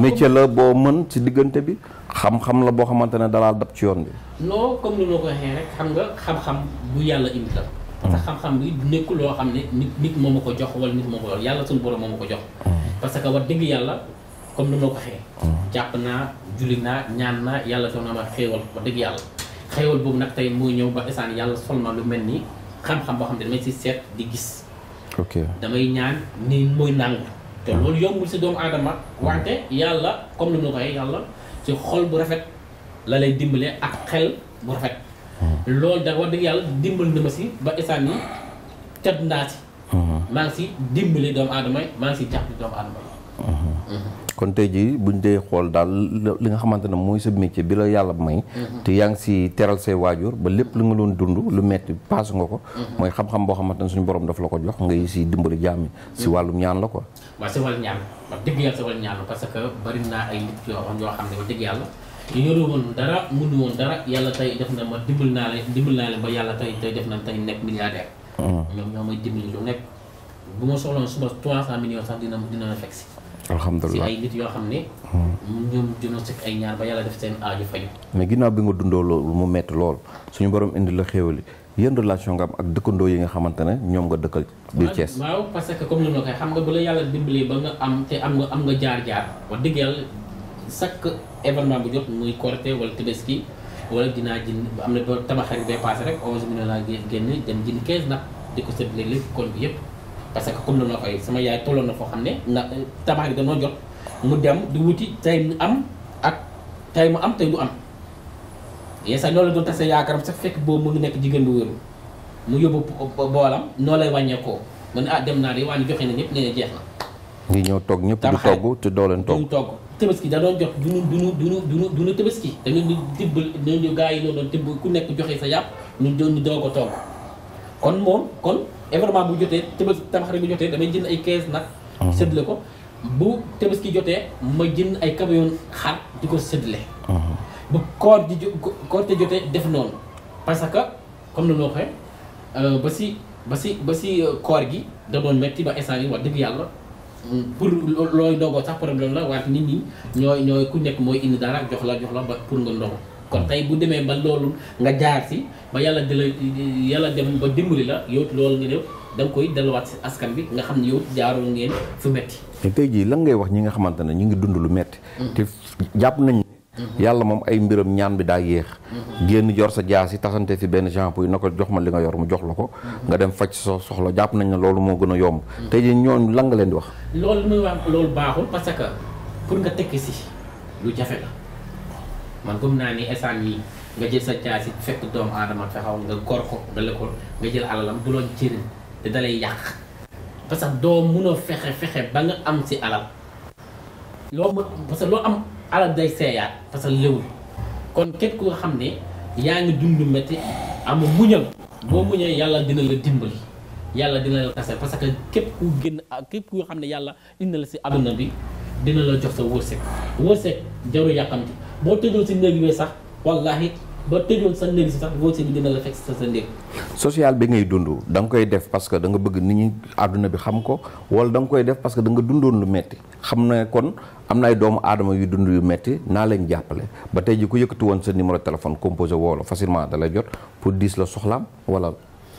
métier la boo mën ci diggante bi xam-xam la boo xamante ne dalaa dab ci yoon bi. non comme ni ma ko waxee rek xam nga xam-xam bu yàlla indi la. parce que hmm. xam bi nekkul loo xam ne nit moo ko jox wala nit moo ko yàlla suñu borom moo ko jox. Hmm. parce que wax dëgg yàlla comme ni ma ko waxee. Hmm. jàpp naa julli naa ñaan naa yàlla soo na ma xéewal wax dëgg yàlla. xéewal boobu nag tey mooy ñëw ba isaan yàlla sol ma lu mel ni xam-xam boo xam ne damay si seet di gis. damay ñaan ni mooy nangu te loolu yombul si doomu aadama wante yàlla comme ni mu la koy yàlla ci xol bu rafet la lay dimbale ak xel bu rafet hmm. loolu da wax dëgg yàlla dimbal na ma si ba isaan yi tëdd naa si hmm. maa ngi si dimbale doomu aadama yi maa ngi si jàppale doomu aadama yi hmm. kon tey jii buñ dee xool daal li nga xamante ne mooy sa métier bi la yàlla may mhm. te yaa si teral say wajur ba lépp lu nga doon dund lu metti paase nga ko mhm. mooy xam-xam boo xamante suñu borom daf la ko jox ngay si dimbali jaam si mhm. wàllum ñaan la quoi waaw si wàllu ñaan wax dëgg yàlla si wàllu ñaan la parce que bari naa ay nit yoo xam yoo xam ne wax dëgg dara dara def na ma ba def na milliardaire dimbali lu 300 millions sax dina dina alhamdulilah si ay nit yoo xam ne. ñoom dina ay ñaar ba yàlla def seen aaju faju mais ginnaaw bi nga dundoo loolu mu metti lool suñu borom indi la xéewali yan relation nga am ak dëkkandoo yi nga xamante ne ñoom nga dëkkal. biir Thiès waaw parce que comme ni ma la ko xam nga bu yàlla dimbalee ba nga am te am nga am nga jaar-jaar wax dëgg yàlla chaque bu jot muy Korité wala Tabaski wala dinaa jënd am na ba tabax rek paase rek 11 millions laa génn parce que comme noonu la koy sama yaay tolloon na foo xam ne na tabax gi dañoo jot mu dem di wuti tay mu am ak tay mu am tay du am yeesa loolu doon tase yaakaaram sax fekk boobu mu ngi nekk jigéen bu wéru mu yóbbu boolam noo lay wàññeekoo mu ne ah dem naa de waa ni joxe na ñëpp nee jeex na ngi ñëw toog ñëpp du togg te doo leen togg togg tabaski da doon jox dunu dunu dunu dunu dunu tabaski dañu ñu tibb ñu gaa yi noonu doon tibb ku nekk joxe sa yàpp ñu doon ñu doog a kon moom kon événement bu jotee tëbës tabax bu jotee damay jënd ay 15 nag. Ah. séddale ko bu tëbës ki jotee ma jënd ay camion xar di ko séddale. Ah. bu koor di jotee def noonu parce que comme ni ma ko euh, ba si ba si ba si euh, koor gi da doon métti ba instant yi wax dëgg yàlla. Mm, pour looy ndogoo sax problème la waaye nit ñi ñooy ñooy ku nekk mooy indi dara jox la jox la pour nga ndogo. kon tay bu demee ba loolu nga jaar si ba yalla di yalla yàlla dem ba dimbali la yow loolu nga def da nga koy delluwaat si askan bi nga xam ne yow jaaroo ngeen fu metti mais tey jii lan ngay wax ñi nga xamante ne ñu ngi dund lu metti te jàpp nañ yàlla moom ay mbiram ñaan bi daa yéex génn jor sa jaas yi tasante fi benn shampoo yi na ko jox ma li nga yor mu jox la ko nga dem faj sa soxla jàpp nañ ne loolu moo gën a yomb tey jii ñooñu lan nga leen di wax loolu muy wax loolu baaxul parce que pour nga tekki si lu jafe la man gëm naa ni esaan yi nga jël sa jaasi fekk doomu aadama fexaw nga gor ko nga lëkkal nga jël alalam du loon jëriñ te dalay yàq parce que doo mun a fexe fexe ba nga am si alal loo mën parce loo am alal day seeyaat parce que léwul kon képp ku xam ne yaa ngi dund métti ama muñal boo muñee yàlla dina la dimbali yàlla dina la tase parce que képp ku génn képp ku xam ne yàlla indi la si adduna bi dina la jox sa wërsëg wërsëg jaru yàkkamti boo tëjoon si néeg bi sax wallaahi ba tëjoon sa néeg si sax voisin bi dina la fekk sa sa néeg. social bi ngay dund danga koy def parce que da nga bëgg nit ñi àdduna bi xam ko wala danga koy def parce que da nga dundoon lu metti xam na kon am na ay doomu aadama yu dund yu metti naa leen jàppale ba tey ji ku yëkkati woon sa numéro téléphone composé woo la facilement lay jot pour diis la soxlaam wala.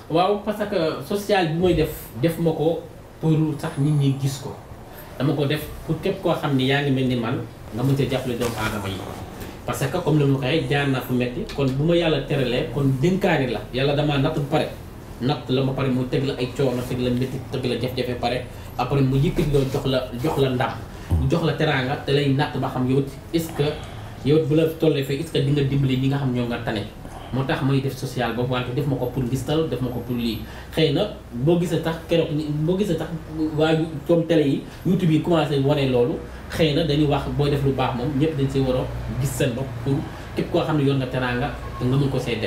waaw parce que social bi mooy def def ma ko pour sax gis parce que comme la ma koy jaar naa fu metti kon bu ma yàlla teralee kon dénkaani la yàlla damaa natt bu pare natt la ma pare mu teg la ay coono teg la métti teg la jafe-jafe pare après mu yëkkati loo jox la jox la ndam jox la teraanga te lay natt ba xam yow est-ce que yow bu la tollee fii est-ce que di nga dimbali ñi nga xam ñoo nga tane moo tax may def social boobu wante def ma ko pour ngistal def ma ko pour lii xëy na boo gisee tax keroog boo gisee tax waa comme télé yi youtube yi commencé wane loolu xëy na dañuy wax booy def lu baax moom ñëpp dañ see gis seen bopp koo xam ne yoon nga teraanga te nga ko see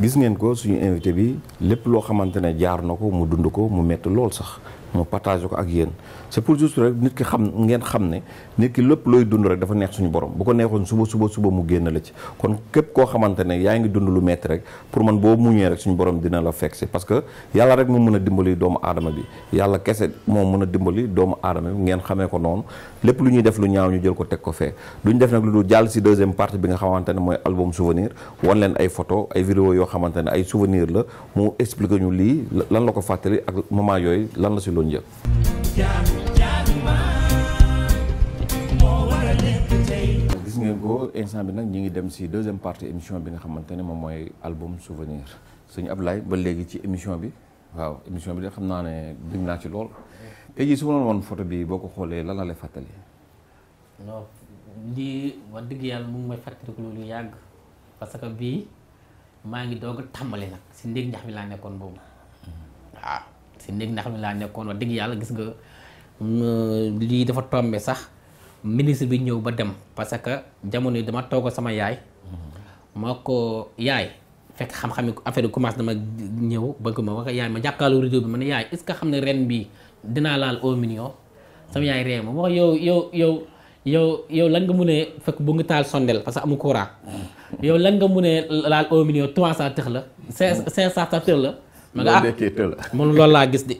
gis ngeen ko suñu invité bi lépp loo xamante ne jaar na ko mu dund ko mu metti sax mu partage ko ak yéen c'est pour rek nit ki xam ngeen xam ne nit ki lépp looy dund rek dafa neex suñu borom bu ko neexoon suba suba suba mu génn la ci kon képp koo xamante ne yaa ngi dund lu metti rek pour man boo mu muñee rek suñu borom dina la fekk si parce que yàlla rek mu mën a dimbali doomu aadama bi yàlla kese moo mën a dimbali doomu aadama bi ngeen xamee ko noonu lépp lu ñuy def lu ñaaw ñu jël ko teg ko fee duñ def nag lu dul jàll si deuxième partie bi nga xamante ne mooy album souvenir wan leen ay foto ay vidéo yoo xamante ne ay souvenir la mu expliqué ñu lii lan la ko fàttali ak moment yooyu lan la si loon jël ngeen ko bi nag ñi ngi dem si deuxième partie émission bi nga xamante ne moom mooy album souvenir ab Ablaye ba léegi ci émission bi waaw émission bi de xam naa ne bëgg naa ci lool tey jii su ma photo bi boo ko xoolee lan la lay fàttali. non lii wax dëgg yàlla mu ngi may fàttaliku loolu yàgg parce que bii maa ngi doog a tàmbali nag si ndéeg ñax mi laa nekkoon boobu waaw ah. si ndéeg ñax mi laa nekkoon wax dëgg yàlla gis nga mm, lii dafa tombé sax. ministre bi ñëw ba dem parce que jamono yi dama toog sama yaay ma ko yaay fekk xam-xam affaire yi commencé dama ñëw bëgg ma wax yaay ma jàkkaarloo rajo bi ma ne yaay est-ce que xam ne ren bi dinaa laal au million sama yaay ree ma wax yow yow yow yow yow lan nga mu ne fekk bu nga taal sondeel parce que amu courant yow lan nga mu ne laal au million trois cent tëx la cinq cent tëx la ma nga ah man loolu laa gis di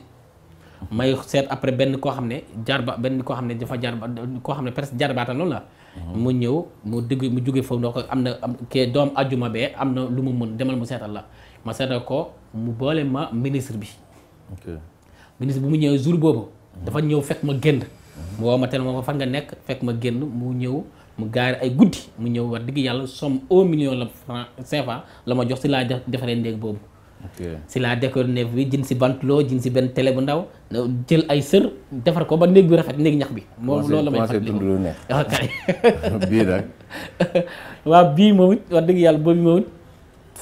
may seet après benn koo xam ne jarba benn koo xam ne dafa jarba koo xam ne presque jarbaatam loolu la mhm. mu ñëw mu digg mu jóge foofu ndox ko am na ke doom ajuma bee am na lu mu mun demal mu seetal la ma seetal ko mu boole ma ministre bi ministre bi mu ñëw jour boobu mhm. dafa ñëw fekk ma génn mhm. mu woo ma teel ma fan nga nekk fekk ma génn mu ñëw mu gaari ay guddi mu ñëw wax digg yàlla somme un million la franc CFA la ma jox si laa defaree ndéeg boobu si laa décor neef bi jën si bantloo jën si benn télé bu ndaw jël ay sër defar ko ba néeg bi rafet néeg ñax bi moom loolu la may fàttali dund lu neex kay bii nag waaw bii moom dëgg yàlla boobu moom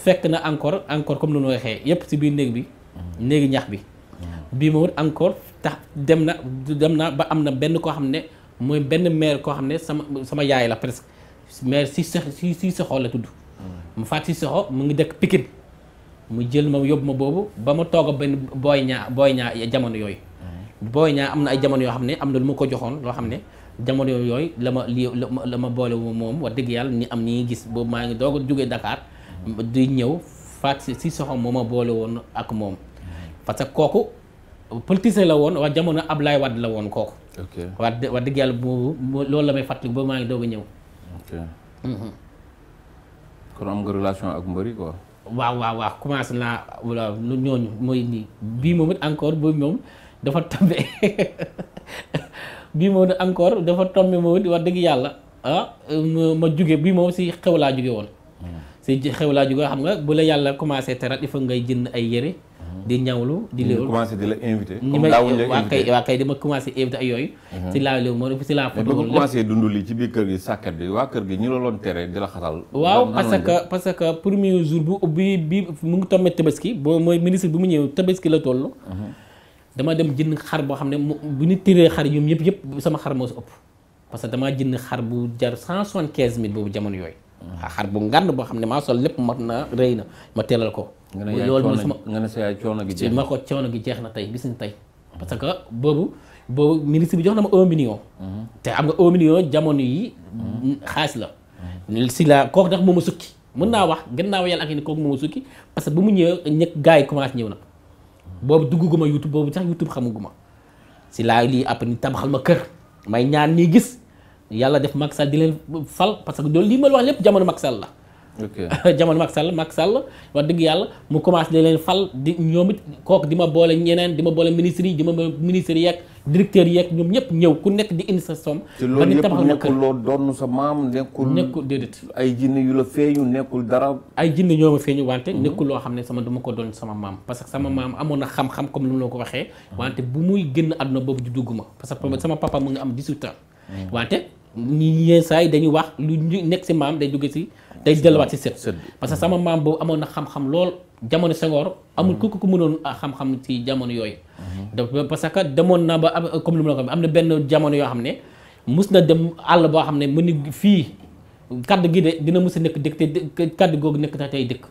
fekk na encore encore comme noonu waxee yépp si biir néeg bi néegi ñax bi bii moom it encore tax dem na dem naa ba am na benn koo xam ne mooy benn maire koo xam ne sama sama yaay la presque maire si si si soxo la tudd mu faat si soxo mu ngi dëkk Pikine mu jël ma yóbbu ma boobu ba ma toog benn booy ñaa booy ñaa jamono yooyu booy ñaa am na ay jamono yoo xam ne am na lu ma ko joxoon loo xam ne jamono yooyu la ma li la ma boole moom wax dëgg yàlla ni am nii gis boobu maa ngi doog a jógee Dakar di ñëw faat si soxam moo ma boole woon ak moom parce que kooku politicien la woon wax jamono ab Ablaye Wade la woon kooku wax wax dëgg yàlla boobu loolu la may fàttaliku boobu maa ngi doog a ñëw mhm. ak mbëri waaw waaw waaw commencé naa wala ñooñu mooy nii bii moom it encore boobu moom dafa tombe <laughs> bii moom encore dafa tombe moom it wax dëgg yàlla ah ma juge bii moom si xew laa juge woon hmm. si xew laa jóge xam nga bu la yàlla commencé teral di fa ngay jënd ay yére di ñawlu di léegi commencé di la invité comme daawuñ la invité kay waa kay commencé invité ak yooyu mhm. si laa léegi moo si laa foto ba commencé dund li ci biir kër gi sàkkat bi waa kër gi ñu la loon tere di la xatal waaw parce que parce bi bi mu ngi tombé tabaski boo mooy ministre bi mu ñëw tabaski la toll mhm. dama dem jënd xar boo xam ne mu bu ñu tiree xar ñoom yëpp yëpp sama xar moo si ëpp parce que damaa jënd xar bu jar cent soixante quinze mille boobu jamono yooyu mhm. xar bu ngànd boo xam ne maa sol lépp mat na rey na ma teelal ko loolu mooy sama nga jeex ma ko coono gi jeex na tey bis ni tey parce que boobu boobu ministre bi jox na ma un mhm. te am nga un jamono yi mhm. xaalis la si la kooku ndax a sukki mën naa wax gannaaw yàlla ak ni kooku mooma sukki parce que bu mu ñëwee ñëkk gars yi commencé ñëw na boobu dugguma youtube boobu sax youtube xamaguma si laa lii app ni tabaxal ma kër may ñaan nii gis yàlla def Macky Sall di leen fal parce que loolu lii ma wax lépp jamono Macky Sall la <laughs> jamono Macky Sall Macky Sall wax dëgg yàlla mu commencé di leen fal di ñoom it di ma boole ñeneen di ma boole ministres yi di ma ministres yeeg directeurs yeeg ñoom ñëpp ñëw ku nekk di indi sa somme. te loolu yëpp nekkul loo doon sa maam nekkul. nekkul mhm. loo xam ne sama dama ko doon sama maam parce que sama maam amoon na xam-xam comme lu ma la ko waxee. wante bu ma parce que sama papa mu ngi am 18 ans. Mhm. wante ñi yenn saa yi dañuy wax lu nekk si maam day jóge si. day delluwaat si sët parce que sama maam boobu amoon na xam-xam lool jamono Senghor amul ku ko mënoon ah, xam-xam si jamono yooyu mhm. parce que demoon na ba a comme lu ma la ko am na benn jamono yoo xam ne mus na dem àll boo xam ne mu ni fii kaddu gi de dina mus nekk dëkk te kaddu googu nekk na tey dëkk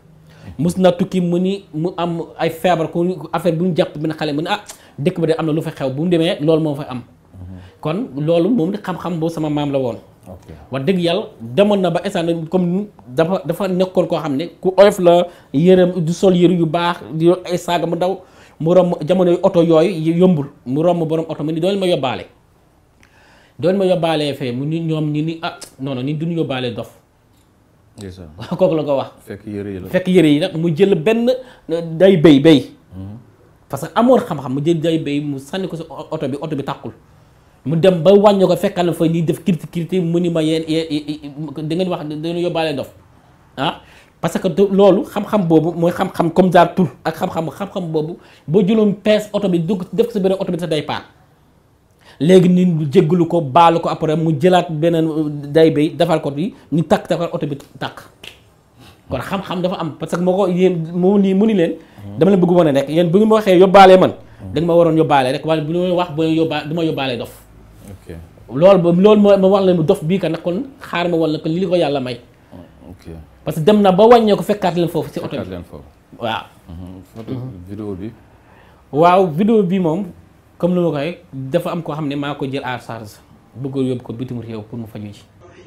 mus na tukki mu ni mu am ay feebar ku affaire bu mu jàpp bi benn xale mu ne ah dëkk ba de am na lu fa xew bu mu demee loolu moo fa am mhm. kon loolu moom di xam-xam boobu sama maam la woon wax dëgg yàlla demoon na ba instant comme dafa dafa nekkoon koo xam ne ku oyof la yërëm du sol yëru yu baax di ay saaga mu daw mu romb jamono oto yooyu yombul mu romb borom oto mu ni doon ma yóbbaale doon ma yóbbaalee fee mu ni ñoom ñu ni ah non non ni duñu yóbbaalee dof waaw <laughs> kooku la ko wax fekk yëre yi la fekk yëre yi nag mu jël benn euh, day béy béy mm-hmm. parce que amoon xam-xam mu jël day béy mu sànni ko si oto bi oto bi tàkkul mu dem ba wàññi ko fekkal fa ñuy def kirti kirti mu ni ma yéen da ngeen wax dañu yóbbaale ndof ah parce que loolu xam-xam boobu mooy xam-xam comme genre tur ak xam-xam boobu boo jëloon pees oto bi dugg def sa beneen oto bi sa day paal léegi ñu jéggalu ko baalu ko après mu jëlaat beneen day bay defal ko bi ñu takk defal oto bi takk kon xam-xam dafa am parce que moo ko yéen moo nii mu ni leen dama leen bëgg wane rek yéen bu ñu ma waxee yóbbaalee man mm. da ma waroon yóbbaale rek wala bu ñu wax bu yóbba du ma yóbbaalee dof loolu ba loolu moo ma wax la mu dof bii ka nag kon xaar ma wala kon li li ko yàlla may. parce que dem na ba wàññee fekkaat leen foofu si oto bi fekkaat leen foofu waaw. Mhm. photo vidéo bi. moom comme lu ma ko dafa am koo xam ne maa ko jël à charge bëgg yóbbu ko bitim réew pour mu faju ci.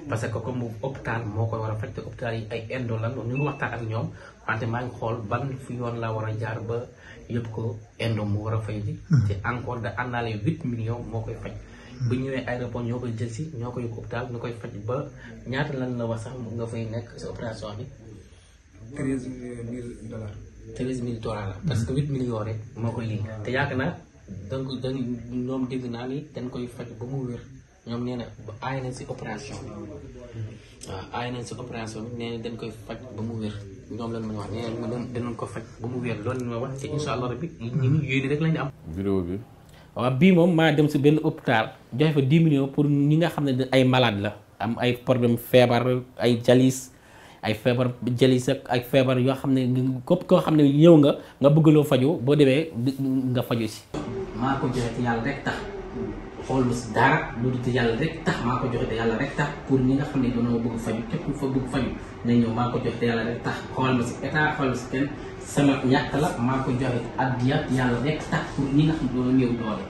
parce que comme hôpital moo koy war a faj te hôpital yi ay indo lan ñu ngi waxtaan ak ñoom wante maa ngi xool ban fu yoon laa war a jaar ba yóbbu ko indo mu war a fay ji. te hmm. encore da àndaale koy faj. bu ñëwee aéroport ñoo koy jël ñoo koy yóbbu hôpital koy faj ba ñaata lan la wax sax nga fay nekk si opération bi. treize mille dollars. treize mille dollars la. parce que huit millions rek moo koy lii te yaakaar naa donc dañ ñoom dégg naa ni dañ koy faj ba mu wér ñoom nee na si opération bi waaw si opération bi nee dañ koy faj ba mu wér. ñoom lañ ma wax nee nañ ma ko faj ba mu wér loolu lañ ma wax te incha allah rabbi ñun yooyu rek lañ am. vidéo bi. waaw ma moom maa dem si benn hôpital joxe fa 10 millions pour ñi nga ay malade la am ay problème feebar ay jalis ay feebar jalis ak ay feebar yoo xam ne képp koo xam ne ñëw nga nga bëggaloo faju boo demee nga faju ko rek tax xoolu si dara lu dul yàlla rek tax maa ko joxe te yàlla rek tax pour ñi nga xam ne dañoo bëgg faju képp ku fa bëgg faju na ñëw maa ko joxe te yàlla rek tax xool ma si état xool ma si kenn sama ñàkk la maa ko joxe addiya yàlla rek tax pour ñi nga xam ne dañoo néew doole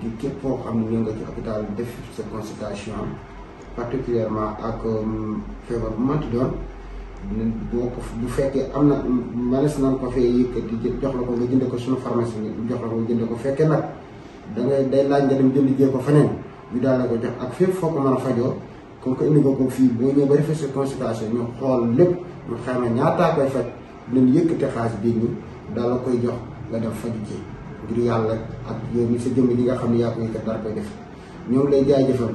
di képp foo xam ne ñëw nga ci hôpital def sa consultation particulièrement ak feebar bu mënti doon boo ko bu fekkee am na manes nan ko fee yëkkati jox la ko nga jënde ko suñu pharmacie bi jox la ko nga jënde ko fekkee nag da ngay day laaj nga dem jënd jee ko feneen ñu daal la ko jox ak fépp foo ko mën a fajoo comme que indi nga ko fii boo ñëw ba defee sa consultation ñu xool lépp ñu xam ne ñaataa koy faj dinañ yëkkate xaalis bii ñu daal la koy jox nga dem faju ji ngir yàlla ak yow mi sa jëmm ji nga xam ne yaa koy def dara koy def ñoo ngi lay jaajëfal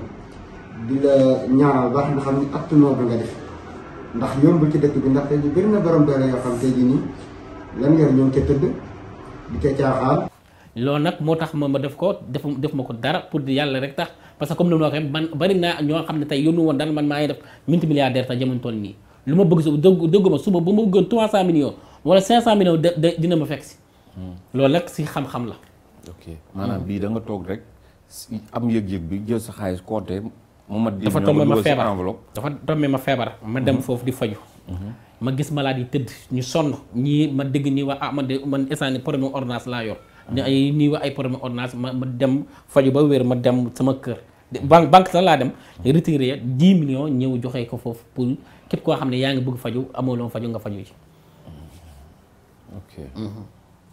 di la ñaanal baax nga xam at acte noor nga def ndax yombul ci dëkk bi ndax tey ji bëri na borom doole yoo xam tey ji nii lan yor ñoo ngi ca tëdd di ca caaxaan. loolu nag moo tax ma ma def ko def def ma ko dara pour di yàlla rek tax parce que comme ni ma man bari naa ñoo xam ne tey yónnu woon man maa def minti milliardaire sax jamono toll nii lu bëgg su dëgg dëgg ma suba bu ma bëggoon 300 millions wala 500 millions dina ma fekk loolu nag si xam-xam la. ok maanaam bii da toog rek am yëg-yëg bi jël sa xaalis compter mu mat. dafa tombé ma dafa tombé ma feebar. ma dem mhm. foofu di faju mhm. ma gis ma malade yi tëdd ñu sonn ñii ma dëgg nii waa ah man de man instant problème ordonnance laa yor. ay nii ay problème ordonnance ma ma dem faju ba wér ma dem sama kër. banque banque sax laa dem mhm. retiré 10 millions ñëw joxe ko foofu pour képp koo xam ne yaa ngi bëgg faju amoo loo faju nga faju ci.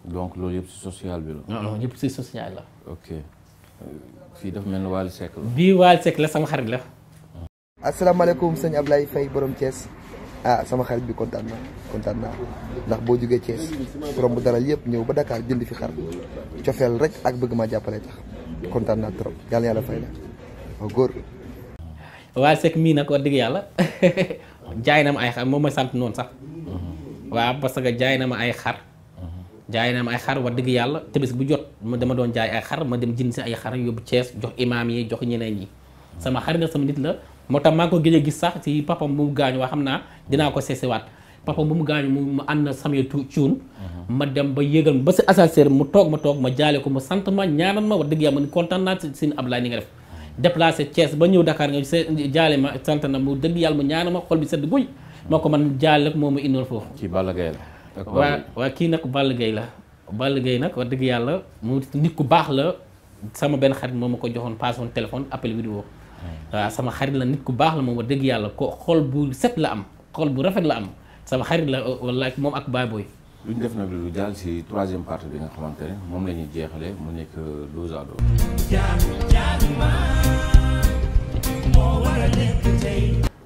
donc loolu yëpp si social bi la. non si social la. ok euh, fii dafa mel ni Wally Seck la. bii Wally Seck la sama xarit la. asalaamaaleykum sëñ Ablaye Faye borom Thiès ah sama xarit bi kontaan na naa ndax boo jógee Thiès romb daral yëpp ñëw ba Dakar jënd fi xar cofeel rek ak bëgg jàppale tax kontaan naa trop yàlla yàlla fay la waaw oh, góor. Wally Seck mii nag wax dëgg yàlla <laughs> jaay na ma ay xar moom ma sant noonu sax. Mhm. waaw parce que jaay na ma ay xar. jaay naa ma ay xar wax dëgg yàlla tamit bu jot ma dama doon jaay ay xar ma dem jënd si ay xar yóbbu Cees jox imaam yi jox ñeneen ñi sama xarit la sama nit moo tax maa ko gëj a gis sax si papam bu mu gaañu waa xam naa dinaa ko seesewaat papam bu mu gaañu mu mu ànd na samay cuun mhm. ma dem ba yégal ba si mu toog ma toog ma jaale ko mu sant ma ñaanal ma wax dëgg yàlla man kontaan naa seen Ablaye ni nga def déplacé Thiès ba ñëw dakaar nga jaale ma sant na mu dëgg yàlla mu ñaanal ma xol bi sedd guy moo ko man jaale moom mu indoon foofu ci Balla la waa waa kii nag Balla Gaye la Balla Gaye nag wax dëgg yàlla mu nit ku baax la sama benn xarit moom ma ko joxoon passe woon téléphone appel vidéo sama xarit la nit ku baax la moom wax dégg yàlla ko xool bu set la am xool bu rafet la am sama xarit la euh, wala moom ak Baboy lu ñu def nag lu jàll ci troisième partie bi nga xamante ne moom la ñuy jeexale mu nekk dos à dos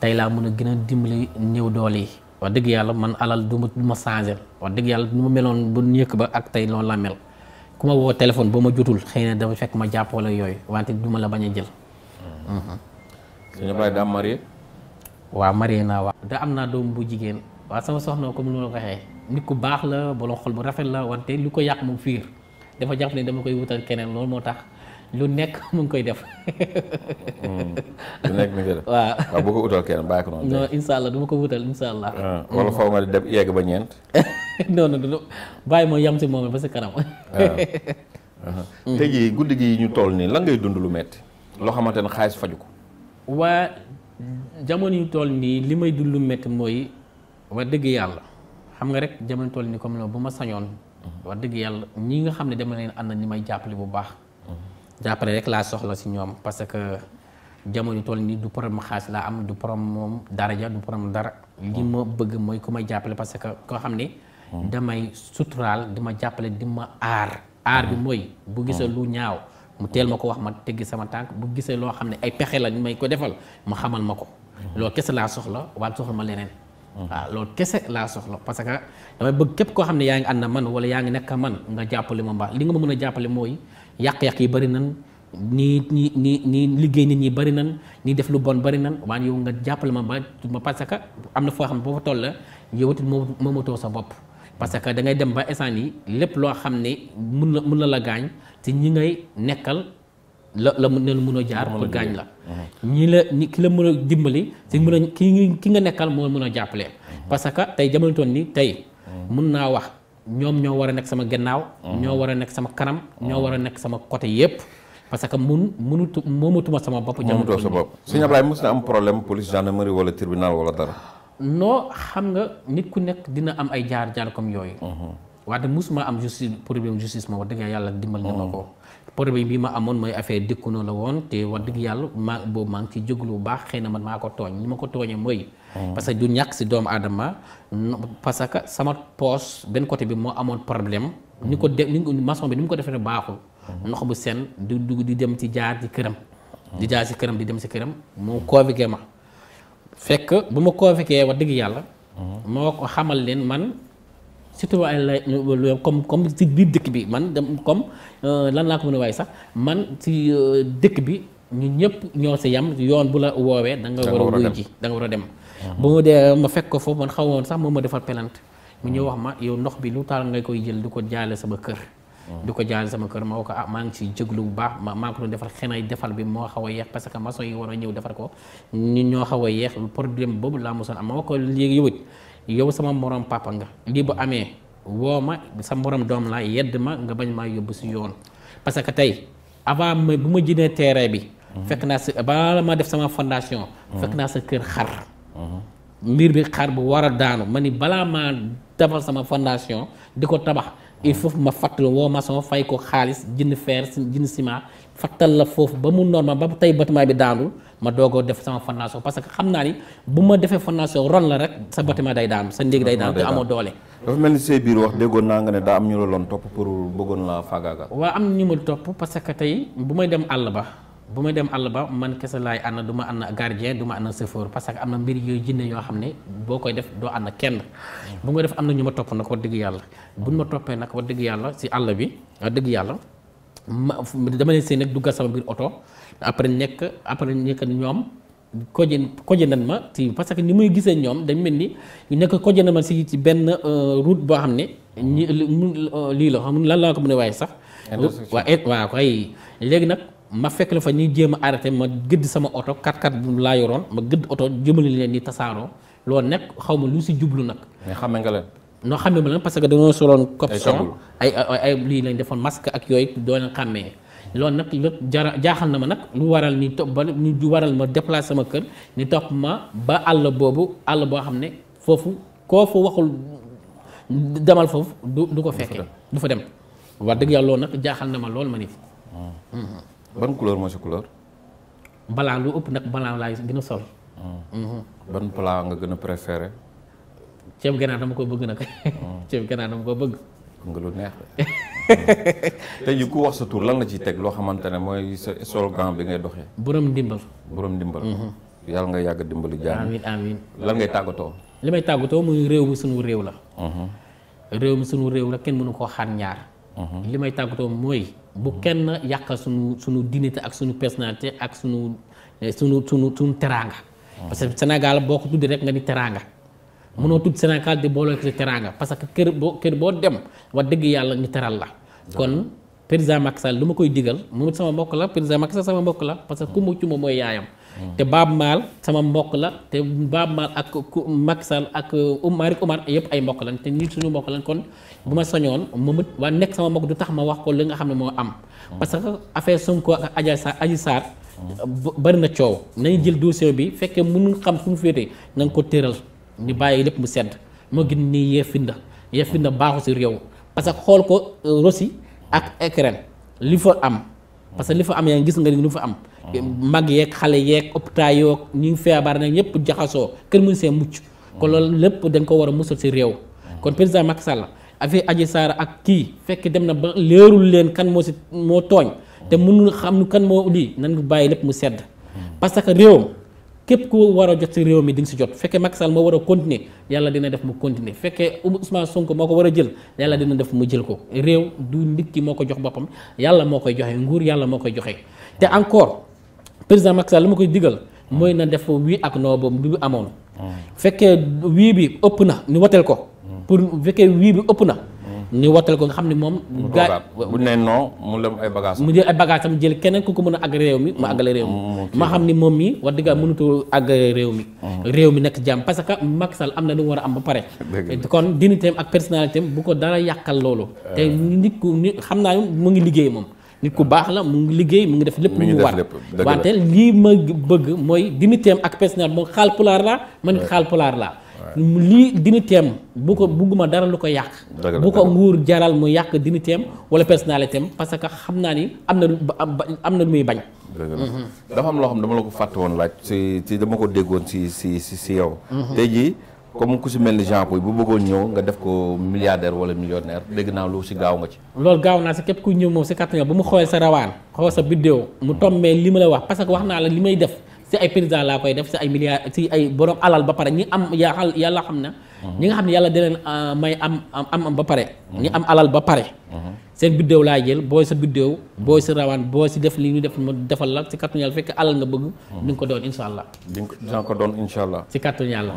tey laa mën a gën a dimbali néew dool yi wax dëgg yàlla man alal du ma du ma changé dëgg yàlla du ma meloon bu ñëkk ba ak tey noonu laa mel ku ma woo téléphone ba ma jotul xëy na dafa fekk ma jàppale yooyu wante du ma la bañ a jël. suñu baay daa marié. waaw marié naa waaw. da am naa doom bu jigéen waa sama soxna comme ni ma waxee nit ku baax la borom xol bu rafet la wante lu ko yàq moom fiir dafa jàpp ne dama koy wutal keneen loolu moo tax. <laughs> Hmm. lu nekk mu ngi koy def. lu nekk mu ngi koy def waaw. waaw bu ko utal kenn bàyyi ko noonu. non ah, ba ñeent. <laughs> non non du bàyyi ma yam si moom ba si kanam. Ah. Uh-huh. <laughs> tey jii guddi gi ñu toll nii lan ngay dund lu metti loo xamante ne xaalis faju ko. waa jamono tool toll nii li may dund lu metti mooy wax dëgg yàlla xam nga rek jamono tool nii comme bu ma sañoon. Uh-huh. wax dëgg yàlla ñi nga xam ne dama leen ànd ni may jàppale bu baax. jàppale rek laa soxla si ñoom parce que jamono toll nii du problème xaalis laa am du problème moom daraja du problème dara li ma bëgg mooy ku may jàppale parce que koo xam ne damay suturaal di ma jàppale di ma aar aar bi mooy bu gisee lu ñaaw mu wax ma teggi sama bu ay la may ko defal ma xamal ma ko loolu kese laa soxla waaye soxla ma leneen waaw loolu kese laa soxla parce que damay bëgg képp koo xam ne yaa ngi ànd na man wala yaa man nga ma li nga yàq-yàq yi bari nan ñi ñi ñi ñi liggéey nit ñi bari nan ñi def lu bon bari nan waaye yow nga jàppale ma ma parce que am na foo xam ne boo fa toll la yow it moo moomatoo sa bopp parce que da ngay dem ba instant yi lépp loo xam ne mun na mun na la gaañ te ñi ngay nekkal la la mun leen mun a jaar pour gaañ la ñi la ñi ki la mën a dimbali te mun a ki nga nekkal moo mën a jàppale parce que tey jamono toon ni tey mun naa wax ñoom ñoo war a nekk sama gannaaw. Mhm. ñoo war a nekk sama kanam. ñoo war a nekk sama côté yépp parce que mun munutu moomatuma sama bopp. moomatuma sa bopp sëñ Ablaye mos na am problème police gendarmerie wala tribunal wala dara. noo xam nga nit ku nekk dina am ay jaar jaar comme yooyu. Mhm. waaye mosuma am justice problème justice ma wax yàlla dimbal na ma ko. problème bi ma amoon mooy affaire dikkuno la woon te wax dëgg yàlla maa boobu maa ngi ci jóglu bu baax xëy na man maa ko tooñ ni ma ko tooñee mooy mm. parce que du ñàkk si doom aadama parce que sama poche benn côté bi moo amoon problème ni ko de ni maçon bi ni mu ko defee baaxul mm. ndox bu seen du dugg di dem ci jaar ci këram di jaar si këram di dem si këram moo convoqué ma fekk bu ma convoqué wax dëgg yàlla mm. moo ko xamal leen man surtout waaye lay comme comme ci biir dëkk bi man comme euh, lan laa ko mën a waaye sax man si euh, dëkk bi ñu ñëpp ñoo si yam yoon bu la woowee danga nga war a wuy da nga war a dem ah. bu mu dee ma fekk ko foofu man xaw woon sax moom ma defal pelante mu ñëw wax ma yow ndox bi lu taal nga koy jël du ko jaale sama kër ah. du ko jaale sama kër ma ko ah maa ngi ciy jéglu bu baax ma maa ko defal defar xenay defar bi moo xaw a yeex parce que maçon yi war a ñëw defar ko ñu ñoo xaw a yeex problème boobu laa mosoon am ma ko léegi yowit yow sama morom papa nga lii bu amee woo ma sa morom doom laa yedd ma nga bañ maa yóbbu si yoon parce que tey avant ma bu ma jëndee terrain bi fekk naa si bala ma def sama fondation fekk naa sa kër xar mbir bi xar bu war a daanu ma ni balaa maa defal sama fondation di ko tabax il faut ma fàttali woo maçon fay ko xaalis jënd fer jënd si ma fattal la foofu ba mu ma ba tey bâtiment bi daanul ma doog def sama fondation parce que xam naa ni bu ma defee fondation ron la rek sa bâtiment day daanu sa ndéeg day daanu te amoo doole dafa mel ni say biir wax déggoon naa nga ne daa am ñu la loon topp pour bëggoon la faagaaga waaw am ñu ma topp parce que tey bu may dem àll ba bu may dem àll ba man kese laay na du ma ànd gardien du ma ànd chauffeur parce que am na mbir yooyu jinne yoo xam ne boo koy def doo ànd kenn bu nga def am na ñu ma topp na wax dëgg yàlla buñ ma toppee nag dëgg yàlla si àll bi wax dëgg yàlla ma dama leen oto après nekk après nekk ñoom koje koje nan ma ci parce que ni muy gisee ñoom dañ mel ni nekk koje nan ma si ci benn euh, route boo xam ne. ñi lii la xam lan laa ko mën a waaye sax. waaw waaw kay léegi nag. ma fekk la fa ñuy jéem a ma gëdd sama oto kat kat bu laa ma gëdd oto jëmale leen ni tasaaroo loolu nekk xaw ma lu si jublu nag. mais xame nga leen. noo xame ma leen parce que dañoo soloon. ay copson lañ defoon masque ak yooyu doo leen xàmmee. loolu nag lépp jara jaaxal na ma nag lu waral ni topp ba lu waral ma déplacer sama kër ni topp ma ba àll boobu àll boo xam ne foofu koo fa waxul demal foofu du du ko fekkee du fa dem wax dëgg yàlla loolu nag jaaxal na ma lool ma ni hmm. ban couleur mooy sa couleur balaa lu ëpp nag balaa laay gën sol hmm. Hmm. ban plat nga gën a préféré ceeb ganaar dama ko bëgg nag <laughs> ceeb ganaar dama ko bëgg ngelunneex te yu ko wax sa tur lan la ciy teg loo xamante ne mooy sa slogan bi ngay doxee borom ndimbal borom ndimbal yàlla nga yàgg dimbali jaam amiin amiin lan ngay tàggatoo li may tàggatoo muy réew sunu réew la mhm. réew mi sunu réew la kenn mënu koo xaar ñaar mhm. li may tàggatoo mooy bu kenn yàqal sunu sunu dignité ak sunu personnalité ak sunu eh, sunu sunu sunu mhm. parce que Sénégal boo ko rek nga ni teraanga mënoo tudd Sénégal di booloo ci teraanga parce que kër boo kër boo dem wax dëgg yàlla ñu teral la. kon président Macky Sall lu ma koy digal moom sama mbokk la président Macky Sall sama mbokk la parce que ku mu ci moom yaayam. te Baaba Maal sama mbokk la te Baaba Maal ak ku Macky ak Malick um, Omar yëpp ay mbokk lañ nit suñu mbokk lañ kon bu ma soñoon moom it waa nekk sama mbokk du tax ma wax koo li nga xam ne moo am. parce que affaire Sonko ko Adji Sarr Adji Sarr bari na coow nañu jël dossier bi fekkee mënuñ xam fu mu féete na nga ko tëral. ñu bàyyi lépp mu sedd moo gën nii yeefinda yeefinda baaxu si réew parce que xool ko euh, Russie ak Ukraine li fa am parce que li fa am yaa gis nga ni lu fa am ah. mag yeeg xale yeeg hôpital yoog ñu feebar nag ñëpp jaxasoo kër mun see mucc ah. kon loolu lépp dañ ko war a musal si réew ah. kon président Macky Sall fi aji Sarr ak kii fekk dem na ba leerul leen kan moo si moo tooñ te mënul xam kan moo lii nan bàyyi lépp mu sedd parce réewam képp ku war a jot si réew mi di si jot fekkee Macky Sall moo war a continuer yàlla dina def mu continuer fekkee Ousmane Sonko moo ko war a jël yàlla dina def mu jël ko réew du nit ki moo ko jox boppam yàlla moo koy joxee nguur yàlla moo koy joxe. te encore président Macky Sall ma koy digal mooy na def wii ak noo boobu bi amoon. Hmm. fekkee wii bi ëpp na ñu woteel ko. Hmm. pour fekkee wii bi ëpp na. ñu wottal ko nga xam ne moom. gaa bu ne non mu lem ay bagages mu jël ay bagages jël keneen ku ko mën a àgg réew mi mu mm. àggale réew mi. Mm, ma xam ni moom mi wax dëgg mënutu àgg réew mi. Mm. réew mi nekk jàmm parce que Macky Sall am na lu mu war a am ba pare. <laughs> kon dignité ak personnalité bu ko dara yàqal loolu. te eh. nit ku xam naa mu ngi liggéey moom. ku baax la mu ngi liggéey mu ngi def lépp mu ngi war wante lii ma bëgg mooy dignité ak personnalité moom xaal pulaar ma man eh. xaal pulaar la lii dina teem bu ko bugguma dara lu ko yàq bu ko nguur jaral mu yàq dina teem wala personnalité am parce que xam naa ni am na am na lu muy bañ mhm. dafa am loo xam dama la ko fàtte woon laaj si dama ko déggoon si si si si yow mhm. tey jii comme ku si mel ni Jean Pouy bu bëggoon ñëw nga def ko milliardaire wala millionnaire dégg naa lu si gaaw nga ci loolu gaaw naa si képp kuy ñëw moom si kattan ba mu xoolee sa rawaan xool sa vidéo mu mhm. tombee li ma la wax parce que wax naa la li may def si ay président saya koy def si ay milliards si ay borom alal ba pare ñi am ya hal, xam na. Uh-huh. ñi nga xam ne yàlla dina leen ah, may am am am ba pare. Uh-huh. ñi am alal ba pare. Uh-huh. seen biddéew laa jël booy sa biddéew. booy sa rawaan booy si def li ñu def ma defal la si kàttanu yàlla fekk alal nga bëgg. di ko doon incha allah. di nga ko doon incha allah. si kàttanu yàlla.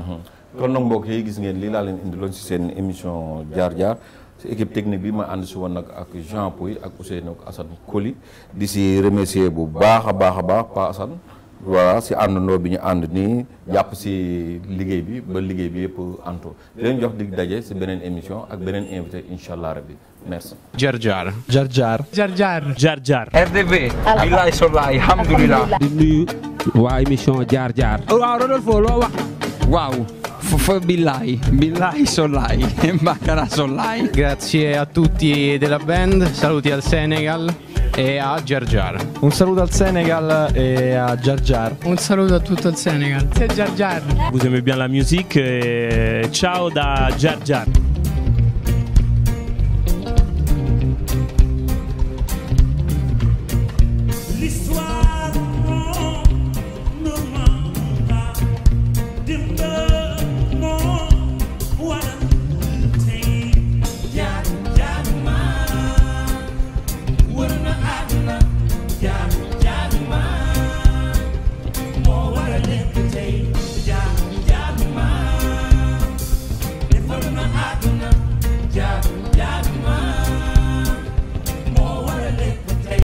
kon nag mbokk yi gis ngeen lii laa leen indiloon si seen émission jaar jaar. si équipe technique bi ma ànd si woon nag ak Jean Pouy ak Ousseynou ak Assane Koli di si remercier bu baax a baax a baax Pa Assane voilà si àndandoo bi ñu ànd ni jàpp si liggéey bi ba liggéey bi yëpp anto leen jox dig daje si beneen émission ak beneen invité incha allah rabbi merci. jar jar. jar jar. jar jar. jar jar. RDV. waa émission jar jar. waaw Rodolfo loo wax Billai, Billai Sollai, <laughs> Baccarà Sollai. Grazie a tutti della band, saluti al Senegal e a Jar Jar. Un saluto al Senegal e a Jar Jar. Un saluto a tutto il Senegal. Grazie a Jar Jar. Scusami aimez bien la musique eh, ciao da Jar Jar.